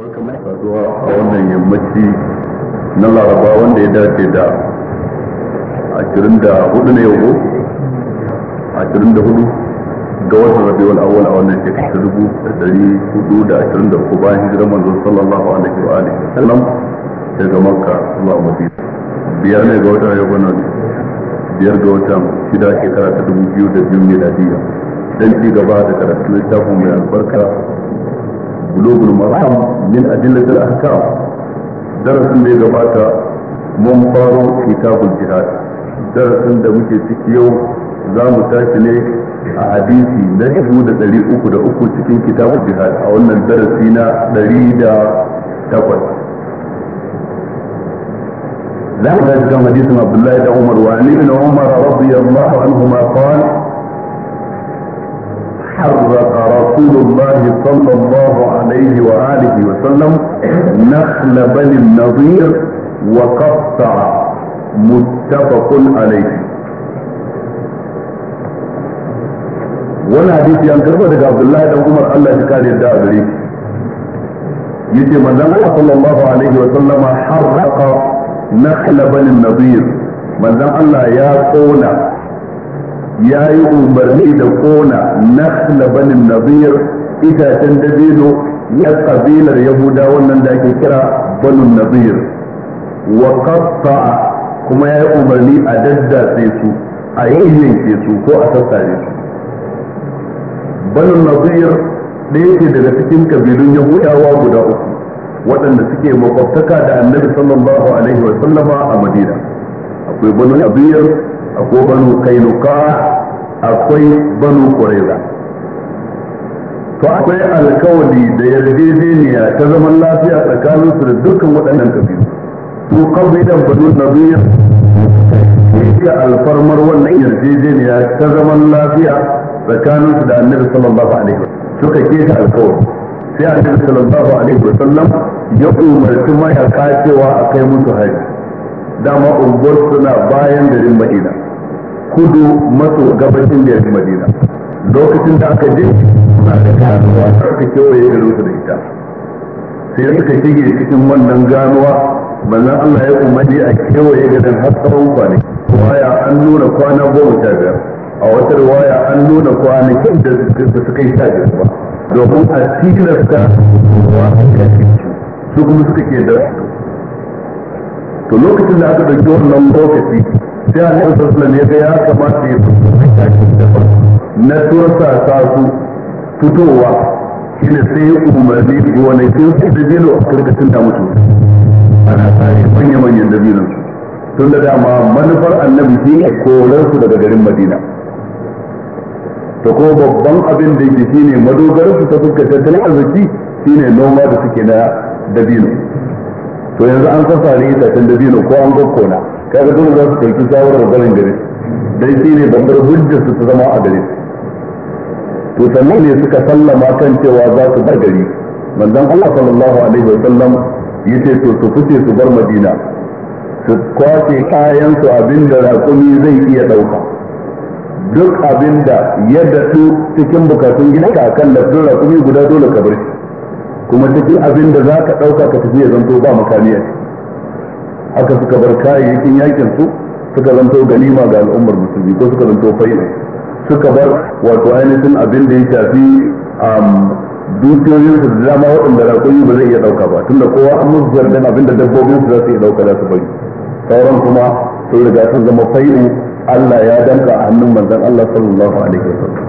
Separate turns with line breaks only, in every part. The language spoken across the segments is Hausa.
barka mai
kasuwa a wannan yammaci na laraba wanda ya dace da 24 na yau 24 ga watan rabiul awwal a wannan shekara ta dubu da dari hudu da ashirin da uku bayan hijirar manzon sallallahu alaihi wa alihi wasallam daga makka zuwa madina biyar ne ga watan yau wannan biyar ga watan shida shekara ta dubu biyu da biyu miladiya dan ci gaba da karatun littafin mai albarka bulugul maram min adillatil ahkam darasin da ya gabata mun faro kitabul jihad darasin da muke ciki yau za mu tashi ne a hadisi na dubu da ɗari uku da uku cikin kitabul jihad a wannan darasi na ɗari da takwas za mu tashi kan hadisin abdullahi da umar wa ibn umar radiyallahu anhu ma qala حرق رسول الله صلى الله عليه وآله وسلم نخل بني النظير وقطع متفق عليه wani hadisi an karba daga abdullahi dan umar allah ya kare da gare shi yace manzon allah sallallahu alaihi wa sallama harraqa nakhla bani nadir manzon allah ya kona ya yi umarni da kona nakhla banin nabir itacen dabino ya kabilar yahuda wannan da ake kira banin nabir wa qatta'a kuma ya yi umarni a daddatse su a yayyanke su ko a sassare su banun nabir ɗaya ce daga cikin kabilun yahudawa guda uku waɗanda suke makwabtaka da annabi sallallahu alaihi wa sallama a madina akwai banu nabir akwai banu kainuka akwai banu kuraiza to akwai alkawali da yarjejeniya ta zaman lafiya tsakanin su da dukkan waɗannan kabilu to kabilan banu nabiya ga alfarmar wannan yarjejeniya ta zaman lafiya tsakanin su da annabi sallallahu alaihi wasallam suka keta alkawali sai annabi sallallahu alaihi wasallam ya umarci mayaka cewa a kai musu haji dama unguwar suna bayan garin madina kudu maso gabashin garin madina lokacin da aka je na da ganuwa aka kewaye garin su da ita sai suka shige cikin wannan ganuwa manzon Allah ya umarni a kewaye garin har tsawon kwanaki waya an nuna kwana goma sha biyar a wata waya an nuna kwanakin da su kai sha biyar ba domin a tilasta wa su kuma suka ke da to lokacin da aka dauki wannan lokaci sai yi sallallahu ne ga ya kamata ya
fita da
na tursa sa su fitowa shine sai ya umarni da wani sai su da bilo a karkashin da mutu ana tsare manya manyan dabilan su tun da dama manufar annabi shi ne korarsu su daga garin madina Ta ko babban abin da yake shine madogarar su ta fuskar tattalin arziki shine noma da suke na dabino to yanzu an tun da biyu ko an na kaga dole za su ɗauki shawarar garin gare dai shi ne bambar hujjar su ta zama a gare to sannan ne suka sallama kan cewa za su bar gari manzon Allah sallallahu alaihi wa sallam yace to su fice su bar Madina su kwace kayan su abin da raƙumi zai iya ɗauka duk abin da ya daɗu cikin bukatun gidanka akan lafiyar raƙumi guda dole ka bar shi kuma duk abin da za ka ɗauka ka tafi ya zanto ba makami a haka suka bar kayayyakin yakin su suka zanto ganima ga al'ummar musulmi ko suka zanto faina suka bar wato ainihin abin da ya shafi um, dukiyoyin su da dama waɗanda raƙoyi ba zai iya ɗauka ba tunda kowa an musu zargin abin da dabbobin su za su iya ɗauka za su bari sauran kuma sun riga sun zama faina Allah ya danka a hannun manzon Allah sallallahu alaihi wa sallam.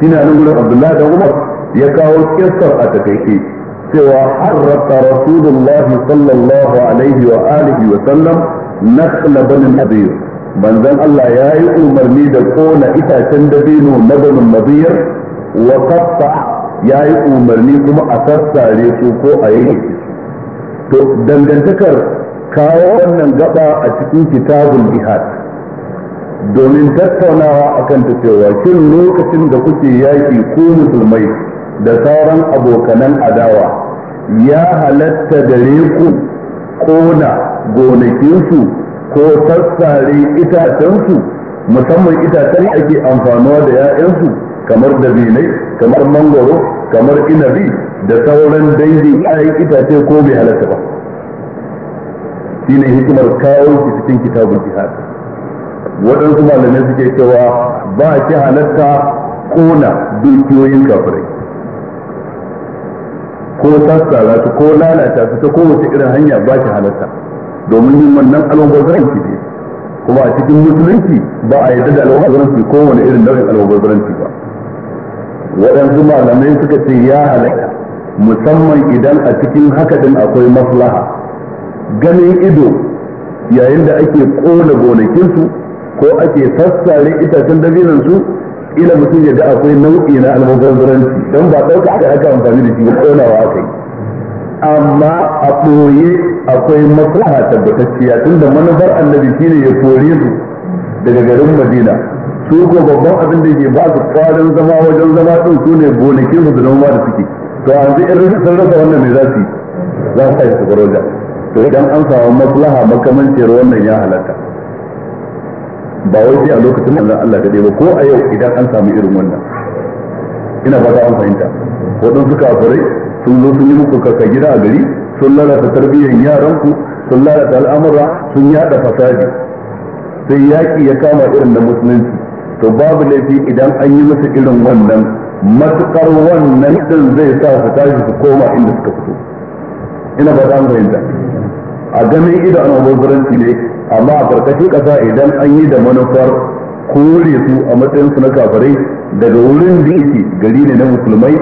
shine nan gurin Abdullahi da Umar ya kawo kissar a takaice cewa harraka rasulullah sallallahu alaihi wa alihi wa sallam nakhla banin nadir manzon Allah ya yi umarni da kona itacen dabino na banin nadir wa qatta ya yi umarni kuma a sassare su ko a yi. to dangantakar kawo wannan gaba a cikin kitabul jihad domin tattaunawa akan ta cewa shin lokacin da kuke yaki ko musulmai da sauran abokanan adawa ya halatta da ku kona gonakinsu ko sassare itacensu musamman itacen ake amfanuwa da 'ya'yansu kamar dabinai kamar mangoro kamar inabi da sauran dangin 'ya'yan itace ko bai halatta ba Shi ne hikimar kawo shi cikin kitabun jihad waɗansu malamai suke cewa ba ki halatta kona dukiyoyin kafirai ko za su ko lalata su ta kowace irin hanya ba ki halatta domin yin wannan almubazzaranci ne kuma a cikin musulunci ba a yarda da almubazzaranci ko wani irin nau'in almubazzaranci ba waɗansu malamai suka ce ya halatta musamman idan a cikin haka din akwai maslaha ganin ido yayin da ake kona gonakinsu ko ake tasare itacen dabinansu kila mutum ya ga akwai nau'i na almubazzaranci don ba ɗauka aka aka amfani da shi ba ƙonawa aka yi amma a ɓoye akwai maslaha tabbatacciya tunda manufar annabi shine ya kore su daga garin madina su ko babban abin da ke ba su kwarin zama wajen zama ɗin su ne gonakin su da noma da suke to a yanzu irin sun rasa wannan mai za su yi za su yi su to idan an samu maslaha makamancin wannan ya halatta ba wai sai a lokacin da Allah kadai ba ko a yau idan an samu irin wannan ina ba za a fahimta waɗansu kafirai sun zo sun yi muku kaka gida a gari sun lalata tarbiyyar yaranku sun lalata al'amura sun yada fasadi sai yaƙi ya kama irin da musulunci to babu laifi idan an yi masa irin wannan matukar wannan din zai sa su tashi su koma inda suka fito ina ba za a fahimta a ganin idan almubazzaranci ne amma a farkashin ƙasa idan an yi da manufar kore su a matsayinsu na kafirai daga wurin da yake gari ne na musulmai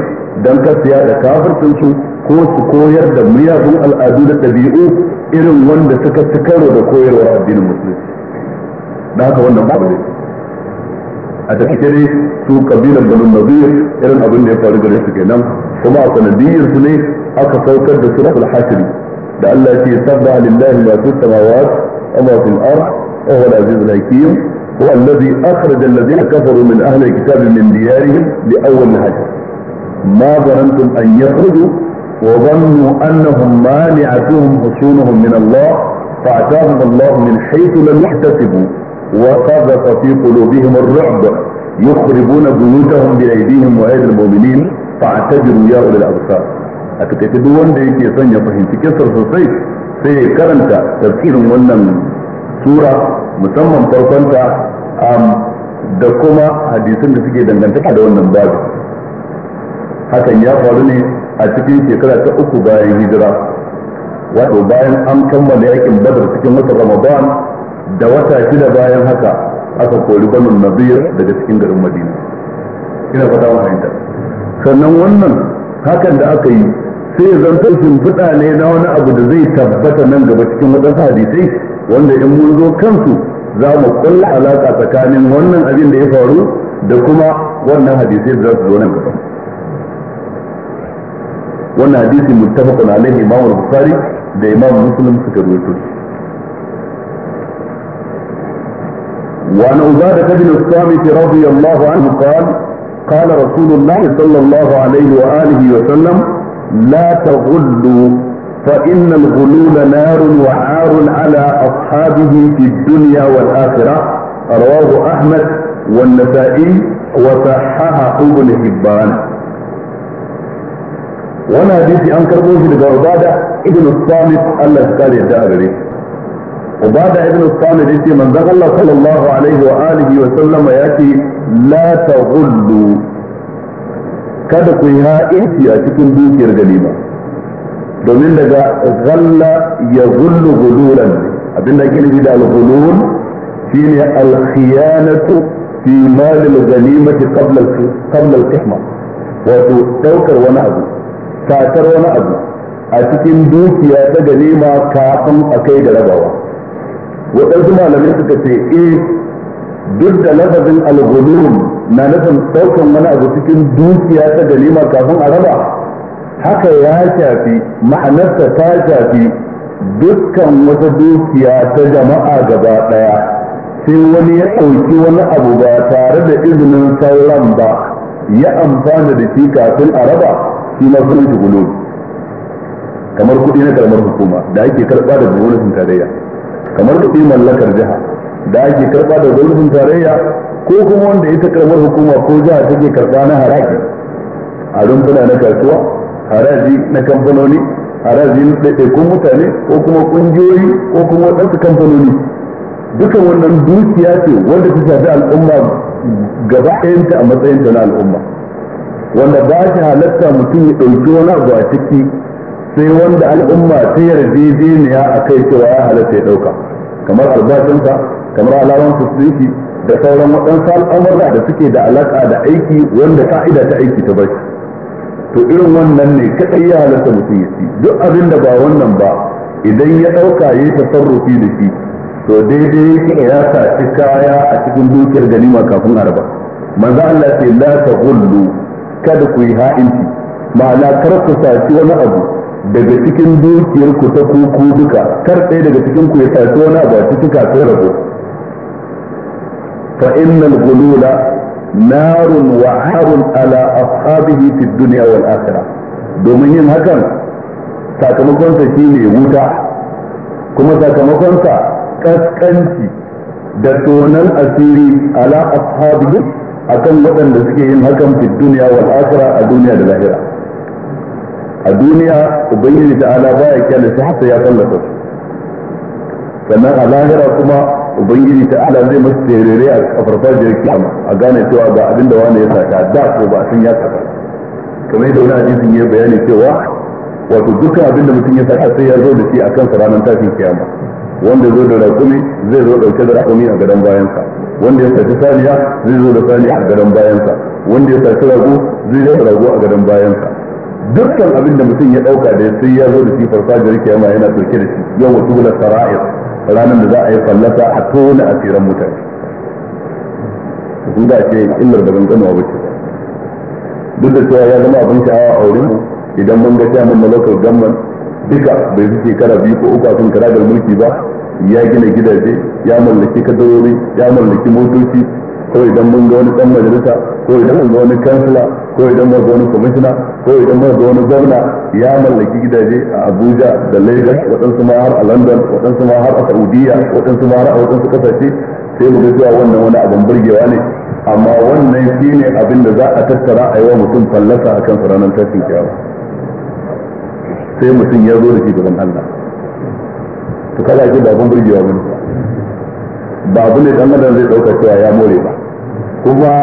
don kasiya da kafircin su ko su koyar da miyagun al'adu da ɗabi'u irin wanda suka ci karo da koyarwa addinin musulunci da haka wannan babu ne a tafiye ne su kabilan banu nazir irin abin da ya faru gare su kenan kuma a sanadiyyar su ne aka saukar da suratul hasiri da Allah ya ce sabba lillahi ma fi samawati الله في الارض وهو العزيز الحكيم هو الذي اخرج الذين كفروا من اهل الكتاب من ديارهم لاول الحج ما ظننتم ان يخرجوا وظنوا انهم مانعتهم حصونهم من الله فاتاهم الله من حيث لم يحتسبوا وقذف في قلوبهم الرعب يخربون بيوتهم بايديهم وايدي المؤمنين فاعتبروا يا اولي الابصار a takaice duk wanda yake son ya sai ya karanta tafsirin wannan sura musamman farkonta da kuma hadisin da suke dangantaka da wannan babu hakan ya faru ne a cikin shekara ta uku bayan hijira wato bayan an kammala yakin badar cikin wata ramadan da wata shida bayan haka aka kori banun nabir daga cikin garin madina ina fata fahimta sannan wannan hakan da aka yi sai zanto shimfiɗa ne na wani abu da zai tabbata nan gaba cikin waɗansu hadisai wanda in mun zo kansu za mu kulla alaƙa tsakanin wannan abin da ya faru da kuma wannan hadisai da za su zo nan gaba wannan hadisi muttafaqun alaihi imam al-bukhari da imam muslim suka rawaito shi وعن عبادة بن الصامت رضي الله عنه قال قال رسول الله صلى الله عليه وآله وسلم لا تغلوا فإن الغلول نار وعار على أصحابه في الدنيا والآخرة رواه أحمد والنسائي وصححه ابن حبان وانا جيت أنكر موجي لدى عبادة ابن الصامت الله تعالى يدعى وبعد ابن الصامت يأتي من دخل الله صلى الله عليه وآله وسلم يأتي لا تغلوا kada ku yi ha'inci a cikin dukiyar ganima domin daga zalla ya zullu gululan abinda ake nufi da al-gulul shine al-khiyanatu fi mal al qabla qabla al-qihma wato daukar wani abu satar wani abu a cikin dukiya ta ganima kafin a kai da rabawa waɗansu malamai suka ce eh duk da lafazin al na nufin daukan wani abu cikin dukiya ta galima kafin a raba haka ya shafi ma'anarsa ta shafi dukkan wata dukiya ta jama'a gaba daya sai wani ya ɗauki wani abu ba tare da izinin sauran ba ya amfana da shi kafin a raba shi ma sun shi kamar kuɗi na karamar hukuma da ake karɓa da gwamnatin tarayya kamar kuɗi mallakar jiha da ake karba da gwamnatin tarayya ko kuma wanda ita karbar hukuma ko jiha take karba na haraji a rumfuna na kasuwa haraji na kamfanoni haraji na ɗaiɗaikun mutane ko kuma ƙungiyoyi ko kuma waɗansu kamfanoni dukan wannan dukiya ce wanda ta shafi al'umma gaba ɗayanta a matsayinta na al'umma wanda ba shi halatta mutum ya ɗauki wani abu a ciki sai wanda al'umma ta yarjejeniya a kai cewa ya halatta ya ɗauka kamar albashinsa kamar alawan su da sauran waɗansu al'amurra da suke da alaƙa da aiki wanda ka'ida ta aiki ta bashi to irin wannan ne kaɗai ya halatta mutum ya ci duk abin da ba wannan ba idan ya ɗauka ya yi tasarrufi da shi to daidai yake ya saci kaya a cikin dukiyar ganima kafin araba manzo Allah ce la gullu kada ku yi ha'inci ma'ana kar ku saci wani abu daga cikin dukiyar ku ta kuku duka kar ɗaya daga cikin ku ya saci wani abu a cikin kasuwar rabo فإن الغلول نار وعار على أصحابه في الدنيا والآخرة domin yin hakan sakamakonsa shi ne wuta kuma sakamakonsa kaskanci da tonan asiri ala ashabihi akan waɗanda suke yin hakan fi duniya wal akhira a duniya da lahira a duniya ubangiji ta'ala baya kyale su hasa ya kallata su sannan a lahira kuma ubangiji ta ala zai masu terere a farfajiyar kiyama a gane cewa ga abin da wani ya saka da ko ba sun ya saka kamar da wani hadisin ya bayani cewa wato dukkan abin da mutum ya saka sai ya zo da shi a kansa ranar tashin kiyama wanda zo da raƙumi zai zo dauke da raƙumi a gadon bayansa wanda ya saki saniya zai zo da saniya a gadon bayansa wanda ya saki rago zai zo da rago a gadon bayansa dukkan abin da mutum ya ɗauka da sai ya zo da shi farfajiyar kiyama yana dauke da shi yau wasu tubula sara'ir ranar da za a yi fallasa a tona asiran mutane su da ce illar da gangan ba ce duk da cewa ya zama abin sha'awa a wurin idan mun ga sha mun malakar gamman duka bai fi shekara biyu ko uku sun kara da mulki ba ya gina gidaje ya mallaki kadarori ya mallaki motoci ko idan mun ga wani dan majalisa ko idan mun ga wani kansila ko idan muka ga wani kwamishina ko idan muka ga wani gwamna ya mallaki gidaje a Abuja da Lagos waɗansu ma har a London waɗansu ma har a Saudiya waɗansu ma har a waɗansu kasashe sai mu ga cewa wannan wani abin burgewa ne amma wannan shine abin da za a tattara a yi wa mutum fallasa akan sa ranar tashin kiyama sai mutum ya zo da shi gaban Allah to kada ki da abin burgewa ba ba abin ne dan adam zai dauka cewa ya more ba kuma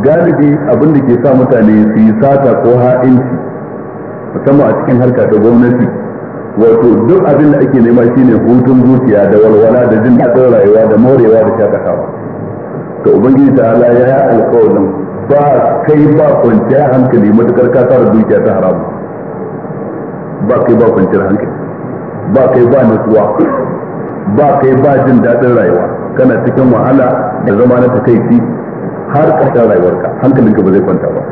galibi abin da ke sa mutane su yi sata ko ha'inci musamman a cikin harka ta gwamnati wato duk abin da ake nema shine hutun zuciya da walwala da jin daɗin rayuwa da morewa da shakatawa to ubangiji ta ala ya yi alkawarin ba kai ba kwanciyar hankali matukar ka fara dukiya ta haramu ba kai ba kwanciyar hankali ba kai ba natsuwa ba kai ba jin daɗin rayuwa kana cikin wahala da zama na takaici har ƙarshen rayuwarka hankalinka ba zai kwanta ba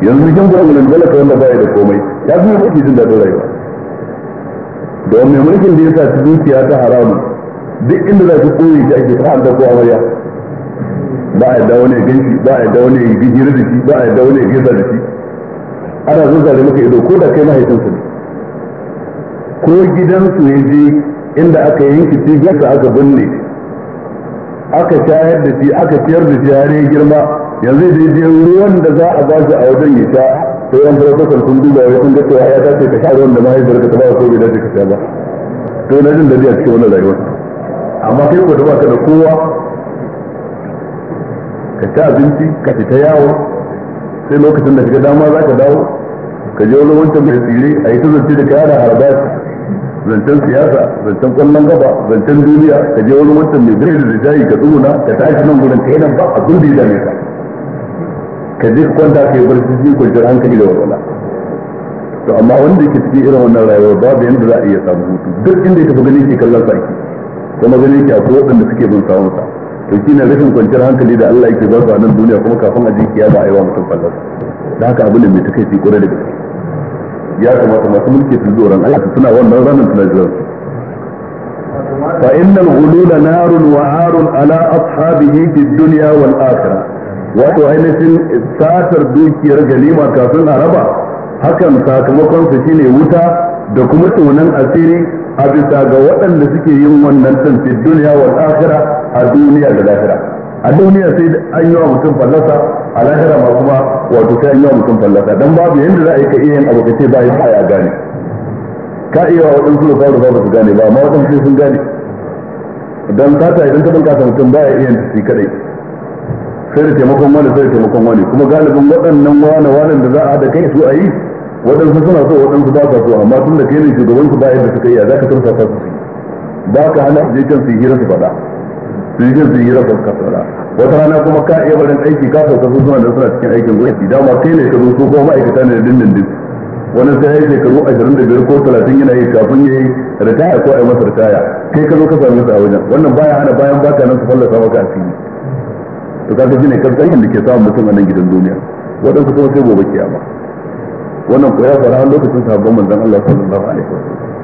yanzu kin wani dole ka wanda baya da komai ya fi mai mulki jin daɗin rayuwa da wani mulkin da ya sa dukiya ta haramu duk inda za su koyi shi ake ta da ko amarya ba a dawo ne ganshi ba a dawo ne gijira da shi ba a dawo ne gaisa da shi ana zare maka ido ko da kai mahaifinsa ne ko gidansu ya je inda aka yanki cibiyarsa aka binne aka shayar da shi aka ciyar da shi har ya girma yanzu da dai ruwan da za a ba shi a wajen ya sha sai yan farfasar sun duba wai sun ga cewa ya dace ka sha ruwan da mahaifiyar ka ta ba ko bai dace ka sha ba to na jin zai a cikin wannan rayuwar amma kai ko da ba ka da kowa ka ci abinci ka fita yawo sai lokacin da ka dama za ka dawo ka je wani wancan mai tsire a yi ta zance da kayan harbaci zancen siyasa zancen kwallon gaba zancen duniya ka je wani wancan mai gari da jayi ka tsuguna ka tashi nan gurin ka yi nan ba abin da ya dame ka ka je kwanta ka yi barci ji kwanciyar hankali da wala. to amma wanda yake cikin irin wannan rayuwa babu yanda za a iya samu hutu duk inda ya tafi gani ke kallon saki kuma gani ke akwai waɗanda suke bin samun sa to shine rashin kwanciyar hankali da Allah yake ba su a nan duniya kuma kafin a je kiyama a yi wa mutum fallasa da haka abu ne mai takaici kwarai da gaske ya kamata masu mulki su tsoron Allah su suna wannan ranar suna jiran fa innal ghulula narun wa arun ala ashabihi fid dunya wal akhirah wato ainihin satar dukiyar ganima kafin a raba hakan sakamakon su shine wuta da kuma tonan asiri a bisa ga waɗanda suke yin wannan tantin duniya wal akhirah a duniya da lahira a duniya sai an yi wa mutum fallasa a lahira ma kuma wato sai an yi wa mutum fallasa dan babu yadda za a yi ka iya yin abu ka ce ba ya gane ka iya wa waɗansu lufaru ba su gane ba amma waɗansu sun gane dan sata idan ta bunƙasa mutum ba ya iya yin shi kadai sai da taimakon wani sai da taimakon wani kuma galibin waɗannan wane wanen da za a haɗa kai su a yi waɗansu suna so waɗansu ba sa so amma tun da kai ne shugaban su ba yadda suka yi a za ka tursa su ba ka hana je kan su yi hirar su faɗa su yi su yi rafin kasuwa wata rana kuma ka iya barin aiki ka sauka su zuwa da suna cikin aikin gwamnati dama kai ne ka zo su kuma ma'aikata ne da dindindin wani sai ya yi shekaru ashirin da biyar ko talatin yana yi kafin ya yi ritaya ko a yi masa ritaya kai ka zo ka same su a wajen wannan baya hana bayan baka nan su fallasa maka asiri to ka ga ne kaskanyin da ke samun mutum a nan gidan duniya waɗansu kuma sai gobe kiyama wannan ko ya faru a lokacin sabon manzon Allah sallallahu alaihi wasallam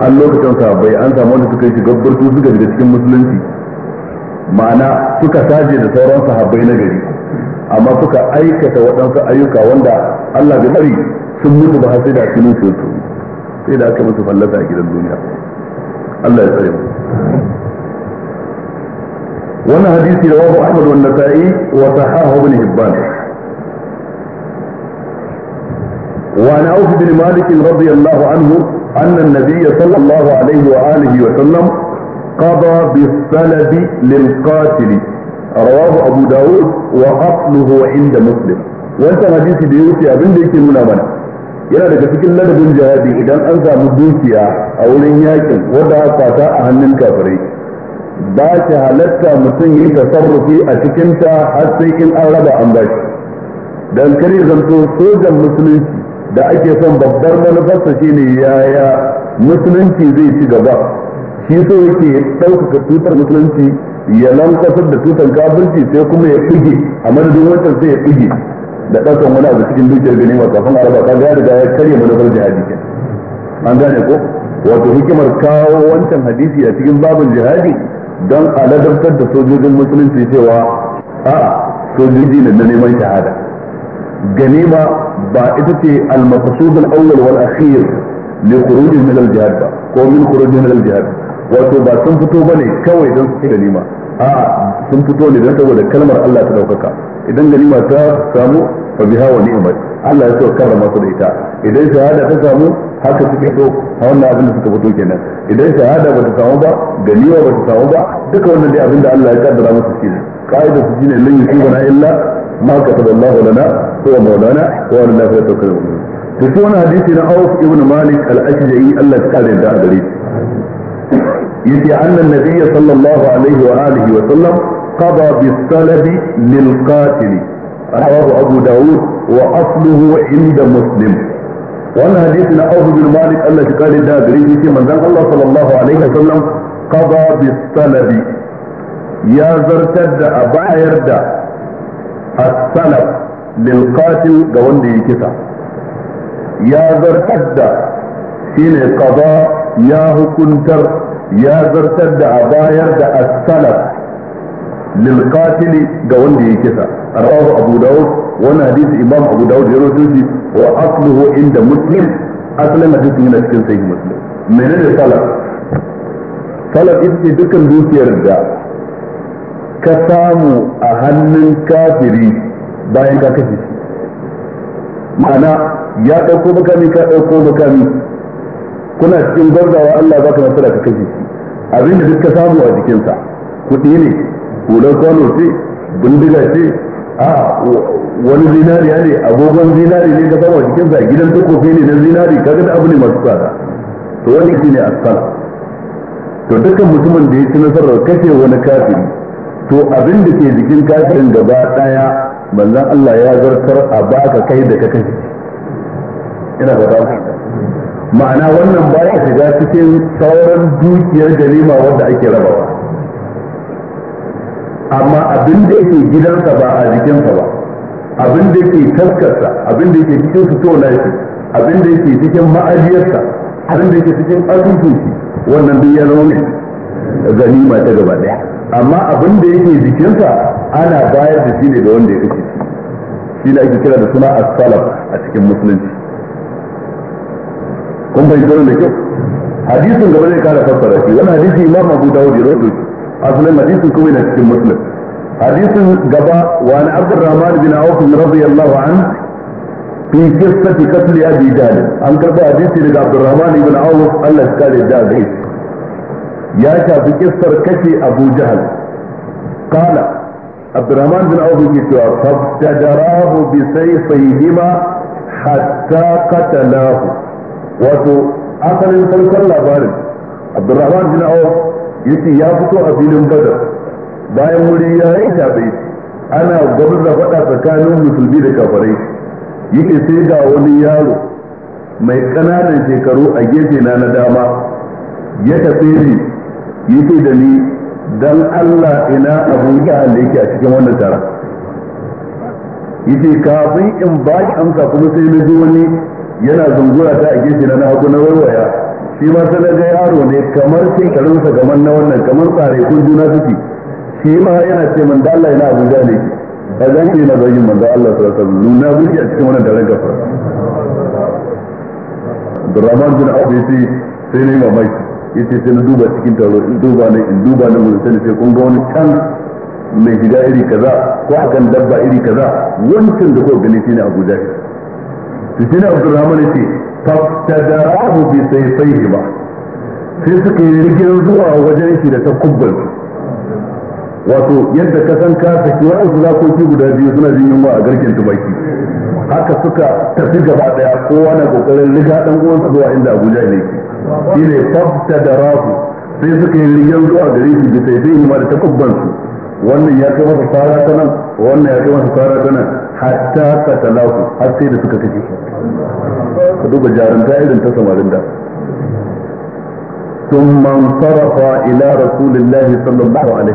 har lokacin sahabbai an samu wanda suka yi shigar su suka daga cikin musulunci ma'ana suka saje da sauran sahabbai na gari amma suka aikata waɗansu ayyuka wanda Allah bai bari sun mutu ba har sai da cikin su sai da aka musu fallasa a gidan duniya Allah ya tsare mu wannan hadisi da wabu Ahmad ta yi wa sahahu ibn Hibban وعن عوف بن مالك رضي الله Anhu? أن النبي صلى الله عليه وآله وسلم قضى بالسلب للقاتل رواه أبو داود وأصله عند مسلم وانت حديث ديوتي أبن ديك المنامنة yana daga cikin ladabin jihadi idan an samu dukiya a wurin yakin wanda aka kwata a hannun kafirai ba shi halatta mutum yi tasarrufi a cikinta har sai in an raba an zanto sojan musulunci da ake son babbar manufarsa shine yaya musulunci zai ci gaba shi so yake ɗaukaka tutar musulunci ya lankasar da tutar kafirci sai kuma ya ɗige a madadin wancan sai ya ɗige da ɗaukan wani abu cikin dukiyar gani masu kafin araba ta gaya da ya karya manufar jihadi ke an gane ko wato hikimar kawo wancan hadisi a cikin babin jihadi don a ladabtar da sojojin musulunci cewa a'a sojoji ne na neman shahada ganima ba ita ce al-maqsud al-awwal wal akhir li khuruj min al-jihad ba ko min khuruj min al-jihad wato ba sun fito bane kawai don su ganima a sun fito ne don saboda kalmar Allah ta daukaka idan ganima ta samu fa biha wa ni'mat Allah ya so karrama su da ita idan shahada ta samu haka suke so a wannan abin da suka fito kenan idan shahada ba ta samu ba ganima ba ta samu ba duka wannan dai abin da Allah ya kaddara musu shi ne قاعدة الدين لن يصيبنا إلا ما كتب الله لنا هو مولانا هو لله فليتوكل المؤمنون تكون حديث أوف ابن مالك الأشجعي الله تعالى دعا دليل يتي أن النبي صلى الله عليه وآله وسلم قضى بالسلب للقاتل رواه أبو داود وأصله عند مسلم وأن حديثنا أوف ابن مالك الله تعالى دعا دليل يتي من shi الله صلى الله عليه وسلم قضى بالسلب ya zartar da a bayar da as-salaf lil qatil ga wanda ya kisa ya zartar da shine qada ya hukuntar ya zartar da a bayar da as-salaf lil qatil ga wanda ya kisa rawahu abu Dawud, wannan hadisi imam abu daud ya rawaito shi wa asluhu inda muslim asalin hadisin yana cikin sahih muslim menene salaf salaf ita ce dukkan dukiyar da ka samu a hannun kafiri bayan ka kashe shi ma'ana ya ɗauko makami ka ɗauko makami kuna cikin gwarzawa Allah baka nasara ka kashe
shi
abin da duk ka samu a jikinsa kuɗi ne hular kwano ce bindiga ce a wani zinari ne agogon zinari ne ka samu a jikinsa gidan takofi ne na zinari kaga da abu ne masu tsada to wani shi ne asala to dukkan mutumin da ya ci nasarar kashe wani kafiri to abin da ke jikin kafirin gaba daya manzon Allah ya zartar a baka kai da ka kai ina ba ma'ana wannan ba ya shiga cikin sauran dukiyar jarima wanda ake rabawa amma abin da yake gidansa ba a jikinsa ba abin da yake taskarsa abin da yake cikin fito na shi abin da yake cikin ma'ajiyarsa abin da yake cikin azuzunki wannan duk ya zama ne ganima ta gaba daya amma abin da yake jikinsa ana bayar da shi ne da wanda ya kashe shi shi ne ake kira da suna as-salaf a cikin musulunci kun bai tsoro da kyau hadisin gaba zai kara fassara shi wannan hadisi imam abu dawud ya rawaito asalin hadisin kawai na cikin muslim hadisin gaba wa an abdurrahman bin auf radiyallahu an fi qissati qatl abi jalil an karba hadisi daga abdurrahman bin auf Allah ya kare da gaishe ya shafi kistar kashe abu jahal kala abdurrahman bin abu ke cewa fabtajarahu bi sai hima hatta qatalahu wato asalin farkon labarin abdurrahman bin abu yake ya fito a filin bada bayan wuri ya yi shafe ana gwamnar da faɗa tsakanin musulmi da kafarai yake sai ga wani yaro mai ƙananan shekaru a gefe na na dama ya tafe yace da ni dan Allah ina abun jahal da a cikin wannan taron yace kafin in ba ki amsa kuma sai na ji wani yana zungura ta a gefe na hagu na warwaya shi ma sai ga yaro ne kamar sai karinsa kamar na wannan kamar tsare kun juna suke shi ma yana ce man Allah ina abun jahal yake ba zan iya na zagin manzo Allah sallallahu alaihi wasallam nuna a cikin wannan daren gafara Abdurrahman bin Auf yace sai ne mamaki yace sai na duba cikin taro in duba ne in duba ne mun sai sai kun ga wani can mai shiga iri kaza ko akan dabba iri kaza wancan da kuka gani shine Abu Jahl to shine Rahman yace fastadarahu bi sayfayhi ba sai suka yi rigin zuwa wajen shi da takubbal wato yadda ka san ka saki wa'azu ki guda biyu suna jin yunwa a garken tumaki haka suka tafi gaba daya kowa na kokarin riga dan uwansa zuwa inda Abuja ne yake shine fafta da rafu sai suka yi riyan zuwa gare shi da sai dai ma da takubban su wannan ya kai masa fara ta nan wannan ya kai masa fara ta nan hatta talaku har sai da suka kace shi ka duba jarumta irin ta samarin da ثم انصرف الى رسول الله صلى alaihi عليه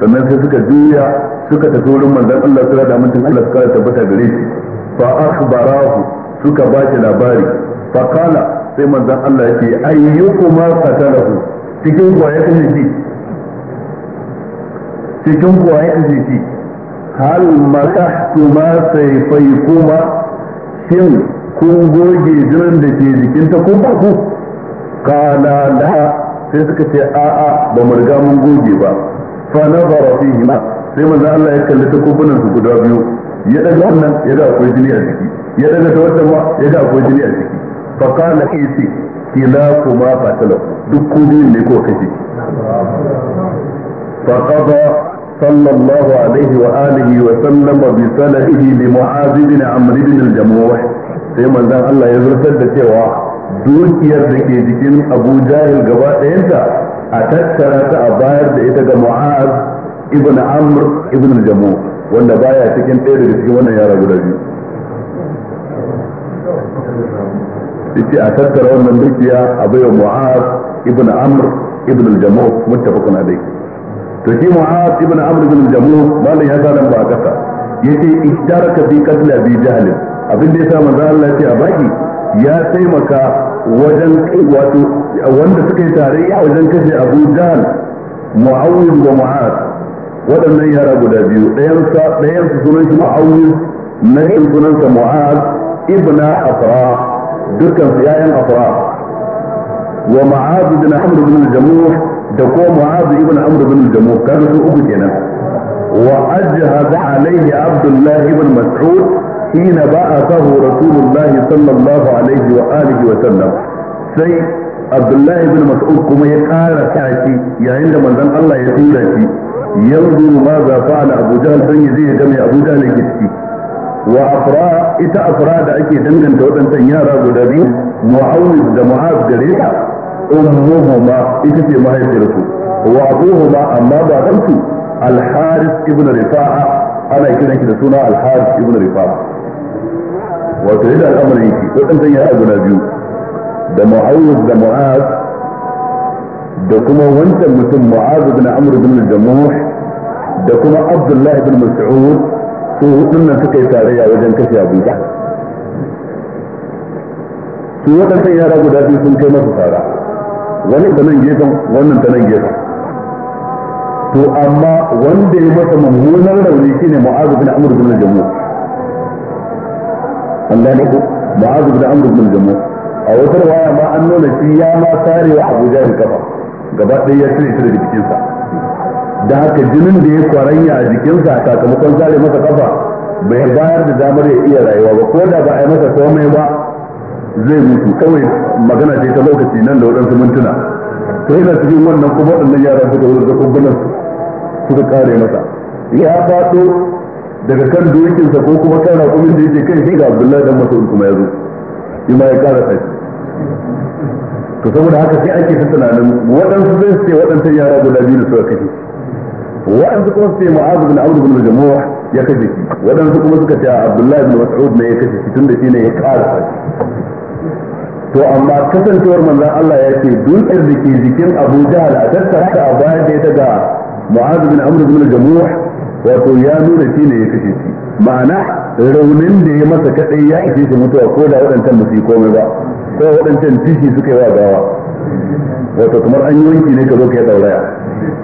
sannan sai suka juya suka tafi wurin manzon Allah sura da mutum Allah suka tabbata gare shi fa akhbarahu suka ba shi labari fa kala sai manzan Allah ya ce ma qatalahu cikin kwaye kaje shi cikin kwaye kaje shi hal fai kuma shin kun goge jinin da ke jikin ta ko ku kala la sai suka ce a'a ba mu riga mun goge ba fa nazara fihi ma sai manzan Allah ya kalli ta kofunan su guda biyu ya daga wannan ya ga akwai jini a ciki ya daga ta wata ma ya ga akwai jini a ciki fa qala isi kilakuma fatala duk ku biyu ne ko kace
fa qada sallallahu
alaihi wa alihi wa sallama bi salahi li mu'adh bin amr bin al-jamuh sai manzon Allah ya zurtar da cewa dukiyar da ke jikin Abu Jahil gaba ɗayanta a tattara ta a bayar da ita ga Mu'adh ibn Amr ibn al-Jamuh wanda baya cikin ɗaya daga cikin wannan yara guda biyu yace a tattara wannan dukiya a baiwa mu'az ibn amr ibn al-jamu muttafaqun alayh to shi mu'az ibn amr ibn al-jamu mallan ya zalan ba kasa yace ishtaraka fi qatl abi jahl abin da yasa manzo Allah yace a baki ya taimaka wajen wato wanda suka yi tarayya wajen kashe Abu Jahl Muawiz wa Mu'az waɗannan yara guda biyu ɗayan sa ɗayan su sunan shi Muawiz na sunan sa Mu'az ibn Afra dukkan su ƴaƴan afra wa ma'az bin amr bin jamuh da ko ma'az ibn amr bin jamuh kaga su uku kenan wa ajhada alaihi abdullah ibn mas'ud hina ba'athahu rasulullahi sallallahu alaihi wa alihi wa sallam sai abdullahi ibn mas'ud kuma ya kara tashi yayin da manzon Allah ya tura shi yanzu ma za fa'ala abu jahl dan yaje ya ga mai abu jahl yake ciki wa afra ita afra da ake danganta waɗancan yara guda biyu mu'awiz da mu'az gare ta ummuhuma ita ce mahaifiyarsu wa abuhuma amma babansu al-haris ibn rifa'a ana kiran shi da suna al-haris ibn rifa'a wato yadda al'amarin yake waɗancan yara guda biyu da mu'awiz da mu'az da kuma wancan mutum mu'az ibn amr ibn jamuh da kuma abdullahi ibn mas'ud su hudun nan suka yi tarayya wajen kashe abuja su waɗansan yara guda biyu sun kai masu tara wani da nan gefen wannan ta nan gefen to amma wanda ya masa mummunan rauni shine mu'azu bin amur bin jamu Allah ne ko mu'azu bin amur bin jamu a wata waya ma an nuna shi ya ma tare wa abuja kafa gaba ɗaya ya cire shi daga jikinsa da haka jinin da ya kwaranya a jikinsa sakamakon zare masa kafa bai bayar da damar ya iya rayuwa ba ko da ba a yi masa komai ba zai mutu kawai magana ce ta lokaci nan da waɗansu mintuna to yana cikin wannan kuma waɗannan yara suka wuce da kumbunan suka kare masa ya faɗo daga kan dokinsa ko kuma kan raƙumin da yake kai shi ga abdullahi dan masu kuma ya zo shi ma ya kara sai to saboda haka sai ake ta tunanin waɗansu zai ce waɗansu yara guda biyu da suka kashe waɗansu kuma su ce mu'azu bin abdu bin jamuwa ya kashe shi waɗansu kuma suka ce abdullahi bin mas'ud ne ya kashe shi da shi ne ya kara to amma kasancewar manzon Allah ya ce dukkan da ke jikin Abu Jahal a tattara ta a baya da daga mu'azu bin amr bin jamuwa wato ya nuna shi ne ya kashe shi ma'ana raunin da ya masa kadai ya ishe shi mutuwa ko da waɗancan ba su yi komai ba ko waɗancan tishi suka yi wa gawa wato kamar an yi wanki ne ka zo ka yi dauraya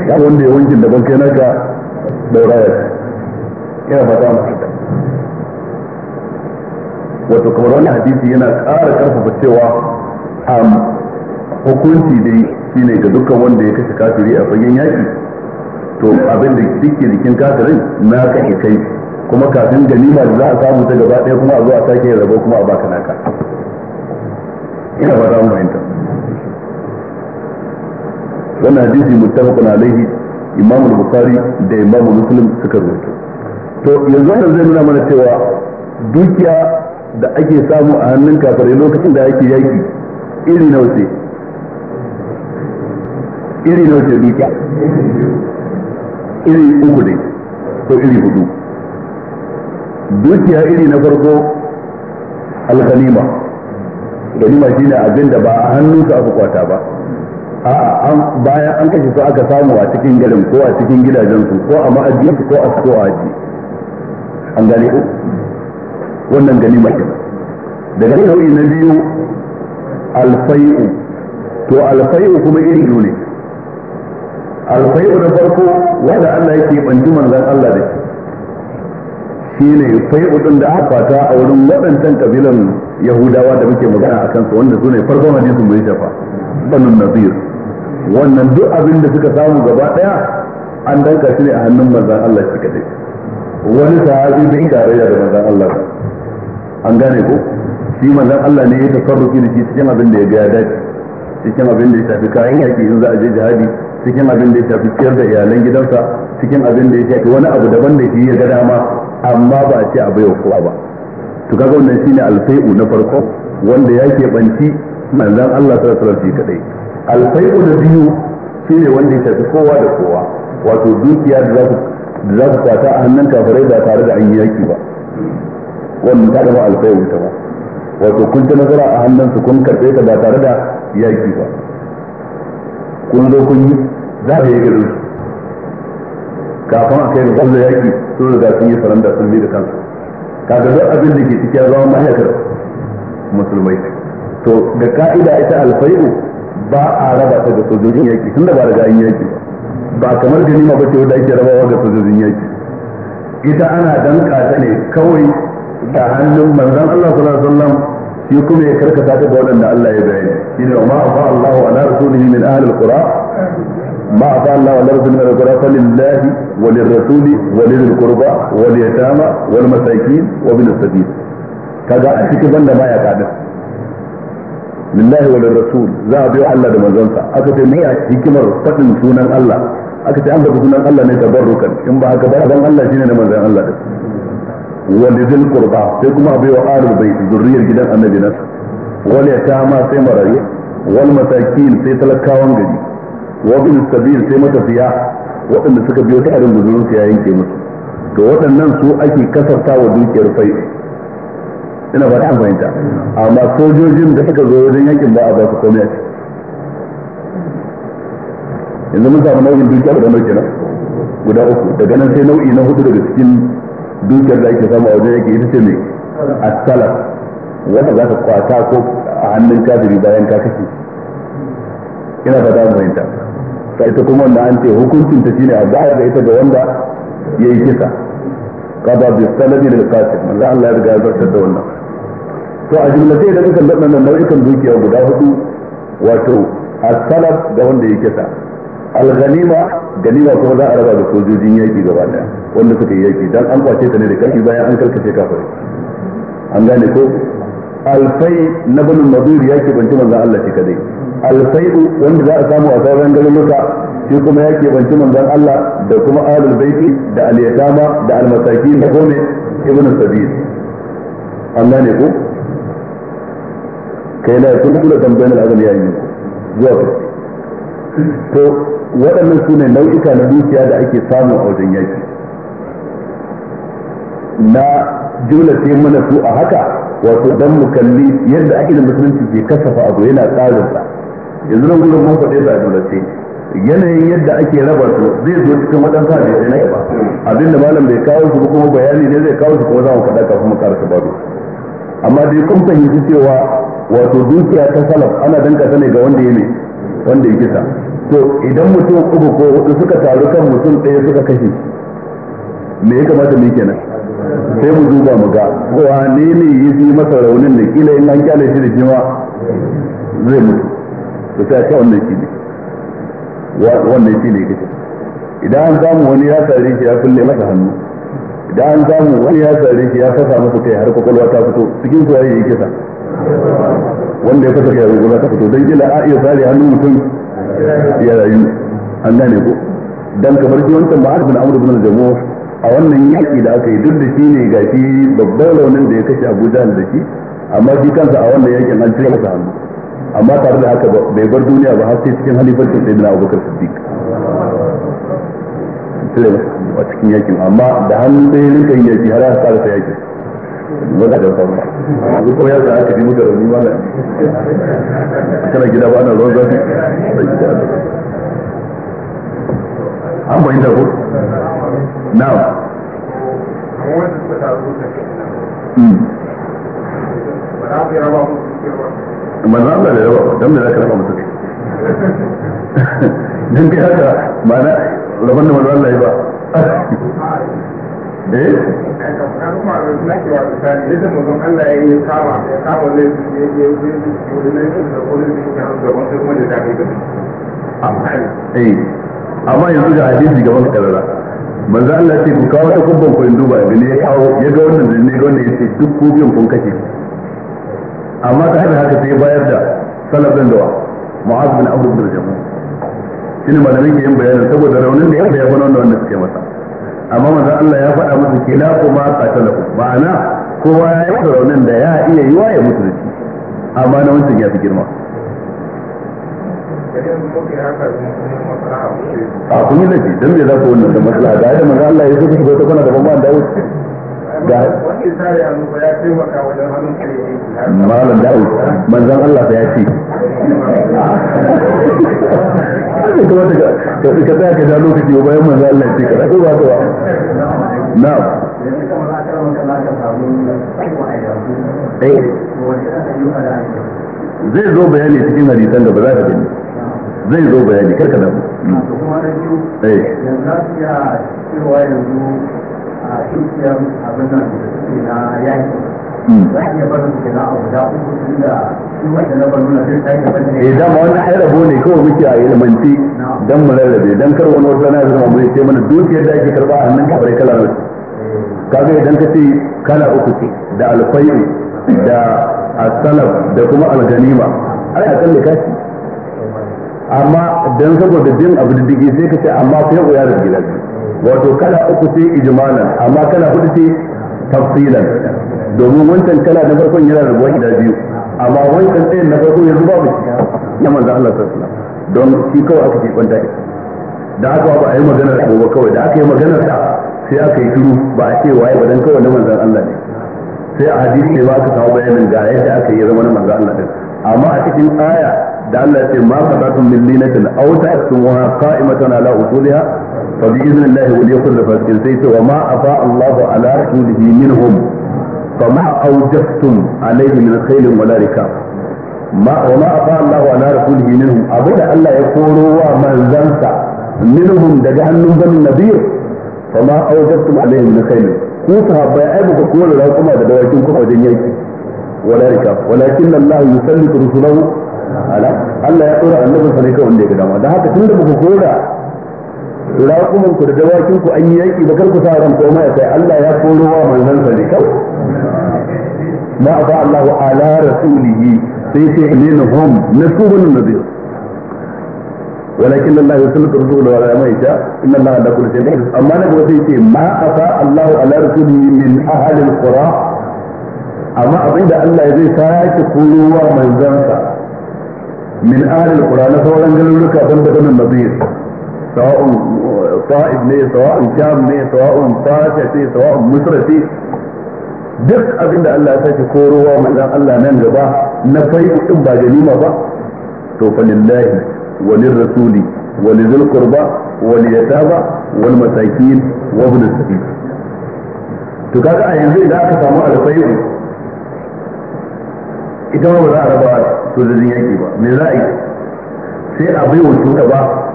ya wanda ya wankin daban kai naka dauraya ina fata mu wato kamar wani hadisi yana ƙara ƙarfafa cewa am hukunci dai shine ga dukkan wanda ya kashe kafiri a fagen yaki to abin da duk jikin kafirin na kashe kai kuma kafin ganima da za a samu ta gaba ɗaya kuma a zo a sake rabo kuma a baka naka ina fata mu fahimta wannan hadisi muttafaqun alaihi imam al-bukhari da imam muslim suka rubuta to yanzu an zai nuna mana cewa dukiya da ake samu a hannun kafirai lokacin da ake yaki iri na wuce iri na wuce dukiya iri uku ne ko iri hudu dukiya iri na farko al-ghanima ganima shine abin da ba a hannunka aka kwata ba a'a bayan an kashe su aka samu a cikin garin ko a cikin gidajensu ko a ma'aji ko a ko a aji an gane ku wannan gani mace daga nau'i na biyu alfai'u to alfai'u kuma iri yau ne alfai'u na farko wanda Allah yake banci manzan Allah da shi ne fai'u din da aka fata a wurin waɗancan kabilan Yahudawa da muke magana a kansu wanda su ne farkon hadisin mai shafa banun nazir wannan duk abin da suka samu gaba daya an danka shi ne a hannun manzan Allah shi kadai wani sahabi bai tarayya da manzan Allah an gane ko shi manzan Allah ne ya tafarruki da shi cikin abin da ya ga dace cikin abin da ya shafi kayan yaki in za a je jihadi cikin abin da ya shafi ciyar da iyalan gidansa cikin abin da ya shafi wani abu daban da shi ya ga dama amma ba a ce a baiwa kowa ba to kaga wannan shine alfai'u na farko wanda ya banci manzan Allah sallallahu alaihi wasallam kadai alfai'u da biyu shine wanda ya tafi kowa da kowa wato dukiya da za ku kwata a hannun kafirai ba tare da an yi yaki ba wannan ta gaba alfai'u ta ba wato kun ta nazara a hannun su kun karɓe ta ba tare da yaki ba kun zo kun yi za a yi gari su kafin a kai ga gwamna yaki sun riga sun yi faranda sun bi da kansu kaga duk abin da ke cikin zama ma'aikatar musulmai to da ka'ida ita alfai'u ba a raba ta da sojojin yaki tunda ba riga an yaki ba kamar ganima ba bace wanda ake rabawa ga sojojin yaki ita ana danka ta ne kawai da hannun manzon Allah sallallahu alaihi wasallam shi kuma ya karkata ta ga waɗanda Allah ya bayani shine ma afa Allahu ala rasulihi min ahli alqura ما أعطى الله على رسول من القرى فلله وللرسول ولذي القربى واليتامى والمساكين وابن السبيل كذا أشك بند ما يقعد lillahi wa rasul za a biyo Allah da manzonsa aka ce me ya hikimar fadin sunan Allah aka ce an da sunan Allah ne tabarrukan in ba haka ba ban Allah shine da manzon Allah da wani lidil qurba sai kuma a biyo ahlul bait zurriyar gidan annabi nasu ta ma sai marayu wal masakin sai talakawan gari wa bil sabil sai matafiya waɗanda suka biyo ta irin guzurin su ya yanke musu to waɗannan su ake kasarta wa dukiyar fai. ina ba ta fahimta amma sojojin da suka zo wajen yakin ba a ba su komai a yanzu mun samu nau'in dukiya guda mai kenan guda uku daga nan sai nau'i na hudu daga cikin dukiyar da ake samu a wajen yake ita ce mai asala wanda za ka kwata ko a hannun kafiri bayan ka kashe ina fata mu fahimta ta ita kuma wanda an ce hukuncin ta shine a bayar da ita ga wanda ya yi kisa kada bi salabi da qatil manzo Allah ya riga ya zartar da wannan to a jumlatai da kakan waɗannan nau'ikan dukiya guda hudu wato as-salaf da wanda ya kisa al-ghanima ganima kuma za a raba da sojojin yaki gaba daya wanda suka yi yaki dan an kwace ta ne da karfi bayan an karkace kafir an gane ko alfai na banin mazuri yake banci manzon Allah shi kadai alfai wanda za a samu a sauran garuruka shi kuma ya kebanci manzon Allah da kuma alul baiti da al da almasaki da gome ibn sabil Allah ne ko kai la yakun kullu dambayn al-azmi ya yi zuwa to waɗannan sune nau'ika na dukiya da ake samu a wajen yaki na jumla sai mana su a haka wato dan mu kalli yadda ake da musulunci ke kasafa abu yana tsarin sa yanzu nan gurin mun faɗe da jumla sai yanayin yadda ake raba su zai zo cikin waɗansu hadisai na yaba abin da malam bai kawo su kuma bayani ne zai kawo su kuma za mu faɗa kafin mu karasa babu amma dai kun fahimci cewa wato dukiya ta salaf ana danka ta ne ga wanda ya ne wanda ya kisa to idan mutum uku ko hudu suka taru kan mutum ɗaya suka kashe me ya kamata mu kenan sai mu duba mu ga wane ne ya fi masa raunin da kila in an kyale shi da jima zai mutu to sai a ce wannan shi ne wannan shi ne kace idan an samu wani ya sare shi ya kulle masa hannu idan an samu wani ya sare shi ya fasa masa kai har kwakwalwa ta fito cikin su ya yi kisa wanda ya fata kai yanzu za ka fito don kila a iya sare hannun mutum ya rayu an gane ko dan kamar shi wancan ba bin amr bin na jamu a wannan yaki da aka yi duk da shi ne ga shi babban launin da ya kashe Abu Jahl da shi amma shi kansa a wannan yakin an cire masa hannu amma tare da haka bai bar duniya ba har sai cikin halifancin sayyidina Abubakar Siddiq cire masa a cikin yakin amma da hannun sai rinka yin yaki har ya fara ta yakin ba da sauka
yanzu ko ya za aka
ji muka rauni ma ba kana gida ba na ruwan zafi
an bayin da ko na'am hmm.
Mana Allah da raba dan me zaka raba musu
dan kai
haka mana rabon da manzo Allah ya ba Eh? eh amma yanzu da hadisi gaban karara manzo Allah ce ku kawo ta kubban ku duba gani ya kawo ya ga wannan zai ne ga wannan yace duk ku biyan kun kace amma ta hada haka sai bayar da salafin dawa Mu'adh bin Amr bin Jabal shine malamin ke yin bayanin saboda raunin da ya bayar wannan wanda suke masa amma manzon Allah ya faɗa musu masa kila kuma qatalahu ma'ana kowa ya yi raunin da ya iya yiwa ya mutu da shi amma na wancan ya fi girma
a kun yi laifi don me za ku wannan da matsala da ya da manzon Allah ya zo da ta kana da bamban da wuce ga malam da'ud manzan Allah
kuma ta ka tsaya ka bayan manzan Allah ce ka ba ba
na eh.
zai zo bayani cikin hadisan da ba za ka gani zai zo bayani
karka da mu.
Eh. Yanzu yanzu Eh dama wannan ai rabo ne kawai muke a ilmanci dan mu rarrabe dan kar wani wata na zama mai ce mana dukiyar da ake karba a nan kabarai kala nawa
kaga idan ka ce kala uku ce da alfai'u da asalaf da kuma alganima ai a kan da amma dan saboda bin abu diddigi sai ka ce amma sai ya rubuta wato kala uku sai ijmalan amma kala hudu sai tafsilan domin wancan kala na farkon yana da ruwan gida biyu amma wancan tsayin na farko yanzu babu shi na manzon Allah sallallahu alaihi wasallam don shi kawai aka ke kwanta da aka ba a yi maganar ba kawai da aka yi maganar sa sai aka yi shiru ba a ce waye ba dan kawai na manzan Allah ne sai a hadisi ne ba aka samu bayanin ga yadda aka yi zama na manzon Allah din amma a cikin aya da Allah ya ce ma qadatum min linatin aw ta'tumuha qa'imatan ala usuliha fa bi iznillahi da fasikin sai ce wa ma afa Allahu ala rasulihi minhum fa ma awjaftum alayhi min khairin wala rikab ma wa ma afa Allahu ala rasulihi minhum abu da Allah ya koro wa manzansa minhum daga hannun banin nabiy fa ma awjaftum alayhi min khairin ku sahabbai ai ba ku kore raƙuma da dawakin ku ya ya da raƙumin ku da dawakinku ku an yi yaƙi ba kar ku sa ran koma ya kai Allah ya koro wa manzon sa ne kawai ma afa Allahu ala rasulihi sai ce minhum nasrun nabiy ولكن الله يسلك الرسول على ما يشاء ان الله على كل Amma ne اما sai قلت ما افاء الله على رسوله min اهل القرى amma abin da Allah ya zai sake kurowa manzansa min ahlil qura na sauran garuruka ban da banin nazir sawa'un fa'id ne sawa'un sham ne sawa'un fasha ce sawa'un misra ce duk abin da Allah ya sake korowa manzon Allah nan gaba na kai din ba ganima ba to fa lillahi wa lirrasuli wa lizil qurba wa liyataba wal masakin wa ibn sabil to kaga a yanzu idan aka samu alfai'u ita ma ba za a raba to da yaki ba me za a yi sai a bai wa shugaba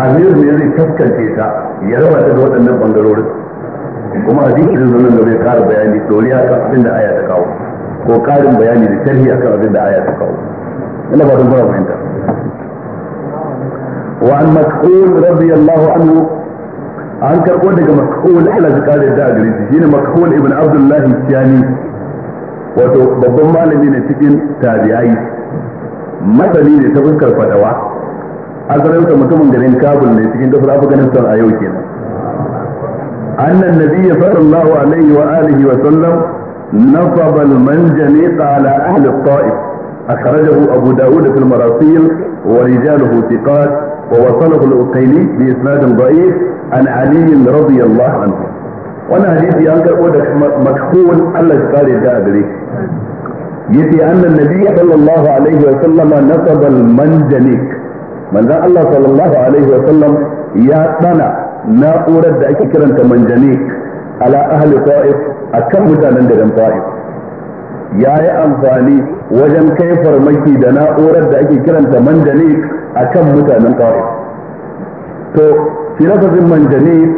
amir ne zai kaskance ta ya raba ta da waɗannan bangarorin kuma a zai nan da zai kara bayani doriya kan abin da aya ta kawo ko karin bayani da sharhi kan abin da aya ta kawo ina ba don fara fahimta wa an mas'ul radiyallahu anhu an karɓo daga mas'ul ala ya kare da gare shi ne mas'ul ibn abdullah tiyani wato babban malami ne cikin tabi'ai masani ne ta fuskar fadawa azrauta mutumin garin kabul ne cikin kasar afganistan a yau kenan annan nabiyyi sallallahu alaihi wa alihi wa sallam نصب المنجنيق على أهل الطائف أخرجه أبو داود في المراسيل ورجاله ثقات ووصله الأقيلي بإسناد ضعيف عن علي رضي الله عنه وانا حديثي أنكر أودك مكحول الله قال الدابري يتي أن النبي صلى الله عليه وسلم نصب المنجنيق manzon Allah sallallahu alaihi wa sallam ya tsana na'urar da ake kiranta manjanik ala ahli ta'if akan mutanen da garin ta'if ya yi amfani wajen kai farmaki da na'urar da ake kiranta manjanik akan mutanen ta'if to filosofin manjanik